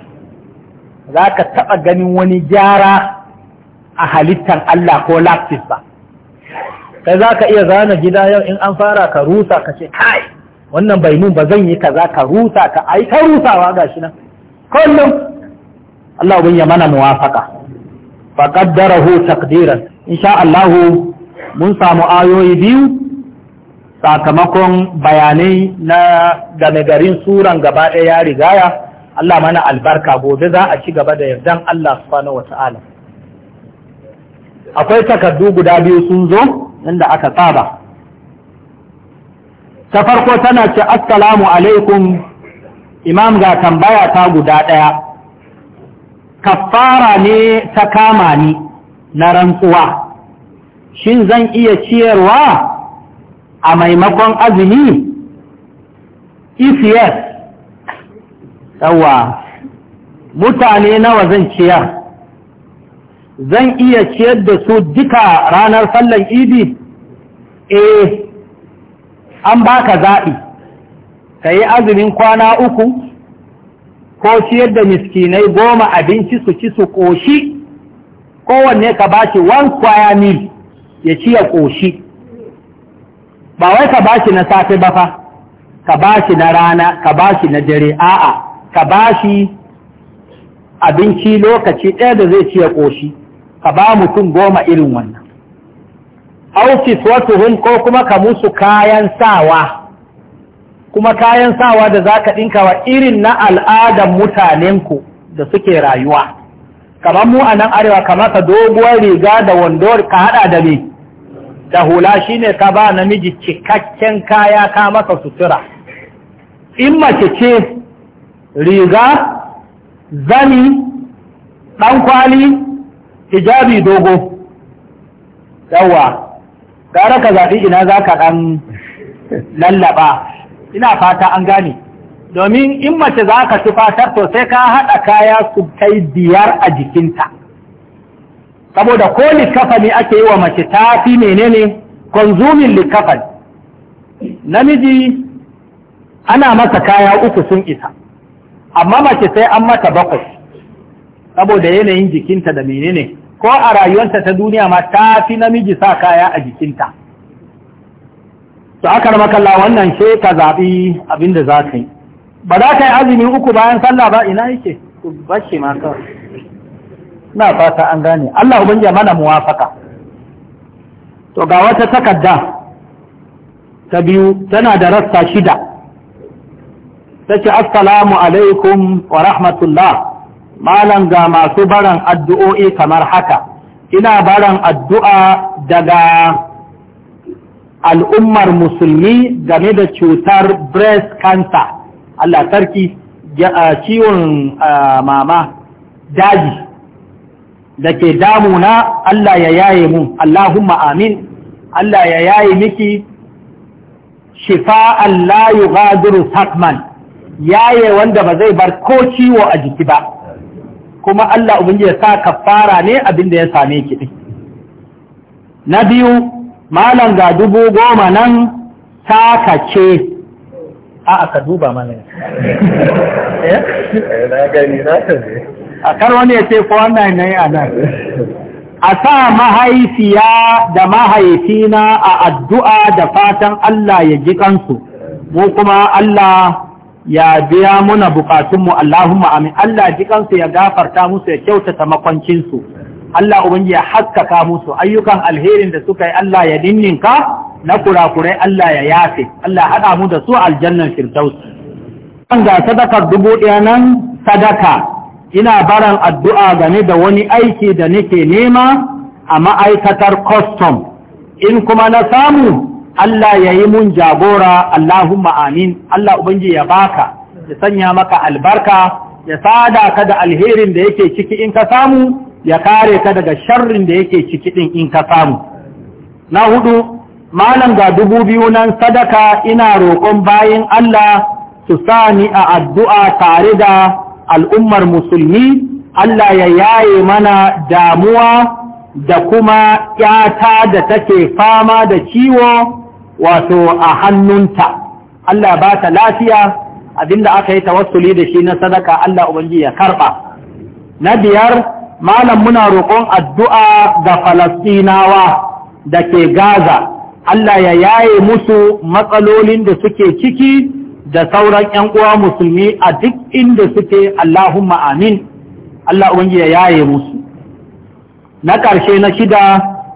za ka taɓa ganin wani gyara a halittar Allah ko laktis ba sai za ka iya zana gida yau in an fara ka rusa ka ce kai wannan bai nun ba zan yi za ka rusa ka ai ta rusawa gashi nan kullum Allah ubin ya mana muwafaka faƙaddarahu takdiran insha Allahu mun samu ayoyi biyu sakamakon bayanai na game garin suran gaba ɗaya ya rigaya Allah mana albarka gobe za a ci gaba da yardan Allah subhanahu wa akwai takardu guda biyu sun zo inda aka saba ta farko tana ce assalamu alaikum imam ga tambaya ta guda ɗaya kaffara ne ta kama ni na rantsuwa shin zan iya ciyarwa a maimakon azumi if yes mutane nawa zan ciyar zan iya ciyar da su duka ranar sallan idi eh an baka zaɓi ka yi azumin kwana uku ko ciyar da miskinai goma abinci su ci su ƙoshi kowanne ka ba shi one kwaya mil ya ci ya ƙoshi ba wai ka ba shi na safe ba fa ka ba shi na rana ka ba shi na dare a'a ka ba shi abinci lokaci ɗaya da zai ci ya ƙoshi ka ba mutum goma irin wannan wasu hun ko kuma ka musu kayan sawa kuma kayan sawa da za ka wa irin na al'adar mutanenku da suke rayuwa kamar mu a nan arewa kamar ka doguwar riga da wando ka haɗa da me da hula shine ka ba namiji cikakken kaya ka masa sutura in mace ce riga zani ɗan kwali hijabi dogo yawa gara ka zaɓi ina za ka ɗan lallaba ina fata an gane domin in mace za ka tufatar to sai ka haɗa kaya su kai biyar a jikinta saboda ko likafani ake yi wa mace ta fi menene konzumin likafani namiji ana masa kaya uku sun isa amma mace sai an mata bakwai saboda yanayin jikinta da menene ko a rayuwarta ta duniya ma ta fi namiji sa kaya a jikinta to aka rama kalla wannan ce ka zaɓi abin da za ka yi ba za ka yi azumi uku bayan sallah ba ina yake ku bashi ma kawai na fata an gane Allah ubangiji mana muwafaka to ga wata takarda ta biyu tana da rassa shida ta ce assalamu alaikum wa rahmatullah malam ga masu baran addu'o'i kamar haka ina baran addu'a daga al'ummar musulmi game da cutar breast cancer Allah sarki ciwon mama daji da ke damuna Allah ya yaye mu Allahumma amin Allah ya yaye miki shifa Allah gaziru sakman yaye wanda ba zai bar ko ciwo a jiki ba kuma Allah ubangiji ya sa kafara ne abinda ya same ki na biyu malam ga dubu goma nan taka ce a aka duba mana eh? a kar wani ya ce ko wannan ne a nan a sa mahaifiya da mahaifina a addu'a da fatan Allah ya ji kansu, mu kuma Allah ya biya muna bukatunmu Allahumma amin, Allah ji kansu ya gafarta musu ya kyautata makwancinsu. Allah ubangi ya haskaka musu ayyukan alherin da suka yi Allah ya dinninka na kurakurai Allah ya yafe Allah haɗa mu da su aljannan firdaus an ga sadakar dubu ɗaya nan sadaka ina baran addu'a game da wani aiki da nake nema a ma'aikatar custom in kuma na samu Allah ya yi mun jagora Allahumma amin Allah ubangi ya baka ya sanya maka albarka ya sada ka da alherin da yake ciki in ka samu ya kare ka daga sharrin da yake ciki ɗin in ka samu na hudu malam ga dubu biyu nan sadaka ina roƙon bayan Allah su sani a addu'a tare da al'ummar musulmi Allah ya yaye mana damuwa da kuma ƙyata da take fama da ciwo wato a hannunta Allah ba ta lafiya abinda aka yi tawassuli da shi na sadaka Allah Ubangiji ya karɓa na biyar malam muna roƙon addu'a ga falastinawa da ke gaza Allah ya yaye musu matsalolin da suke ciki da sauran ‘yan uwa musulmi a duk inda suke Allahumma amin Allah ya yaye musu na ƙarshe na shida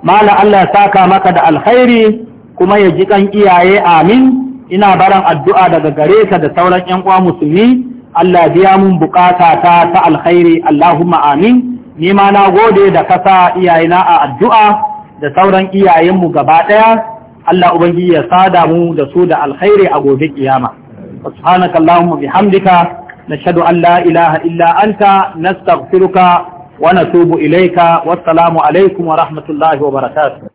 malam Allah ya saka maka da alkhairi kuma ya ji kan iyaye amin ina baran addu'a daga gare ka da sauran ‘yan uwa musulmi Allah biya mun bukata ta ta alkhairi Allahumma amin ni ma na gode da kasa iyayena a addu'a da sauran iyayenmu gaba ɗaya Allah ubangiji ya sada mu da su da alkhairi a gobe ƙiyama subhanaka allahumma bihamdika nashhadu an la ilaha illa anta nastaghfiruka wa natubu ilayka wassalamu alaikum wa rahmatullahi wa barakatuh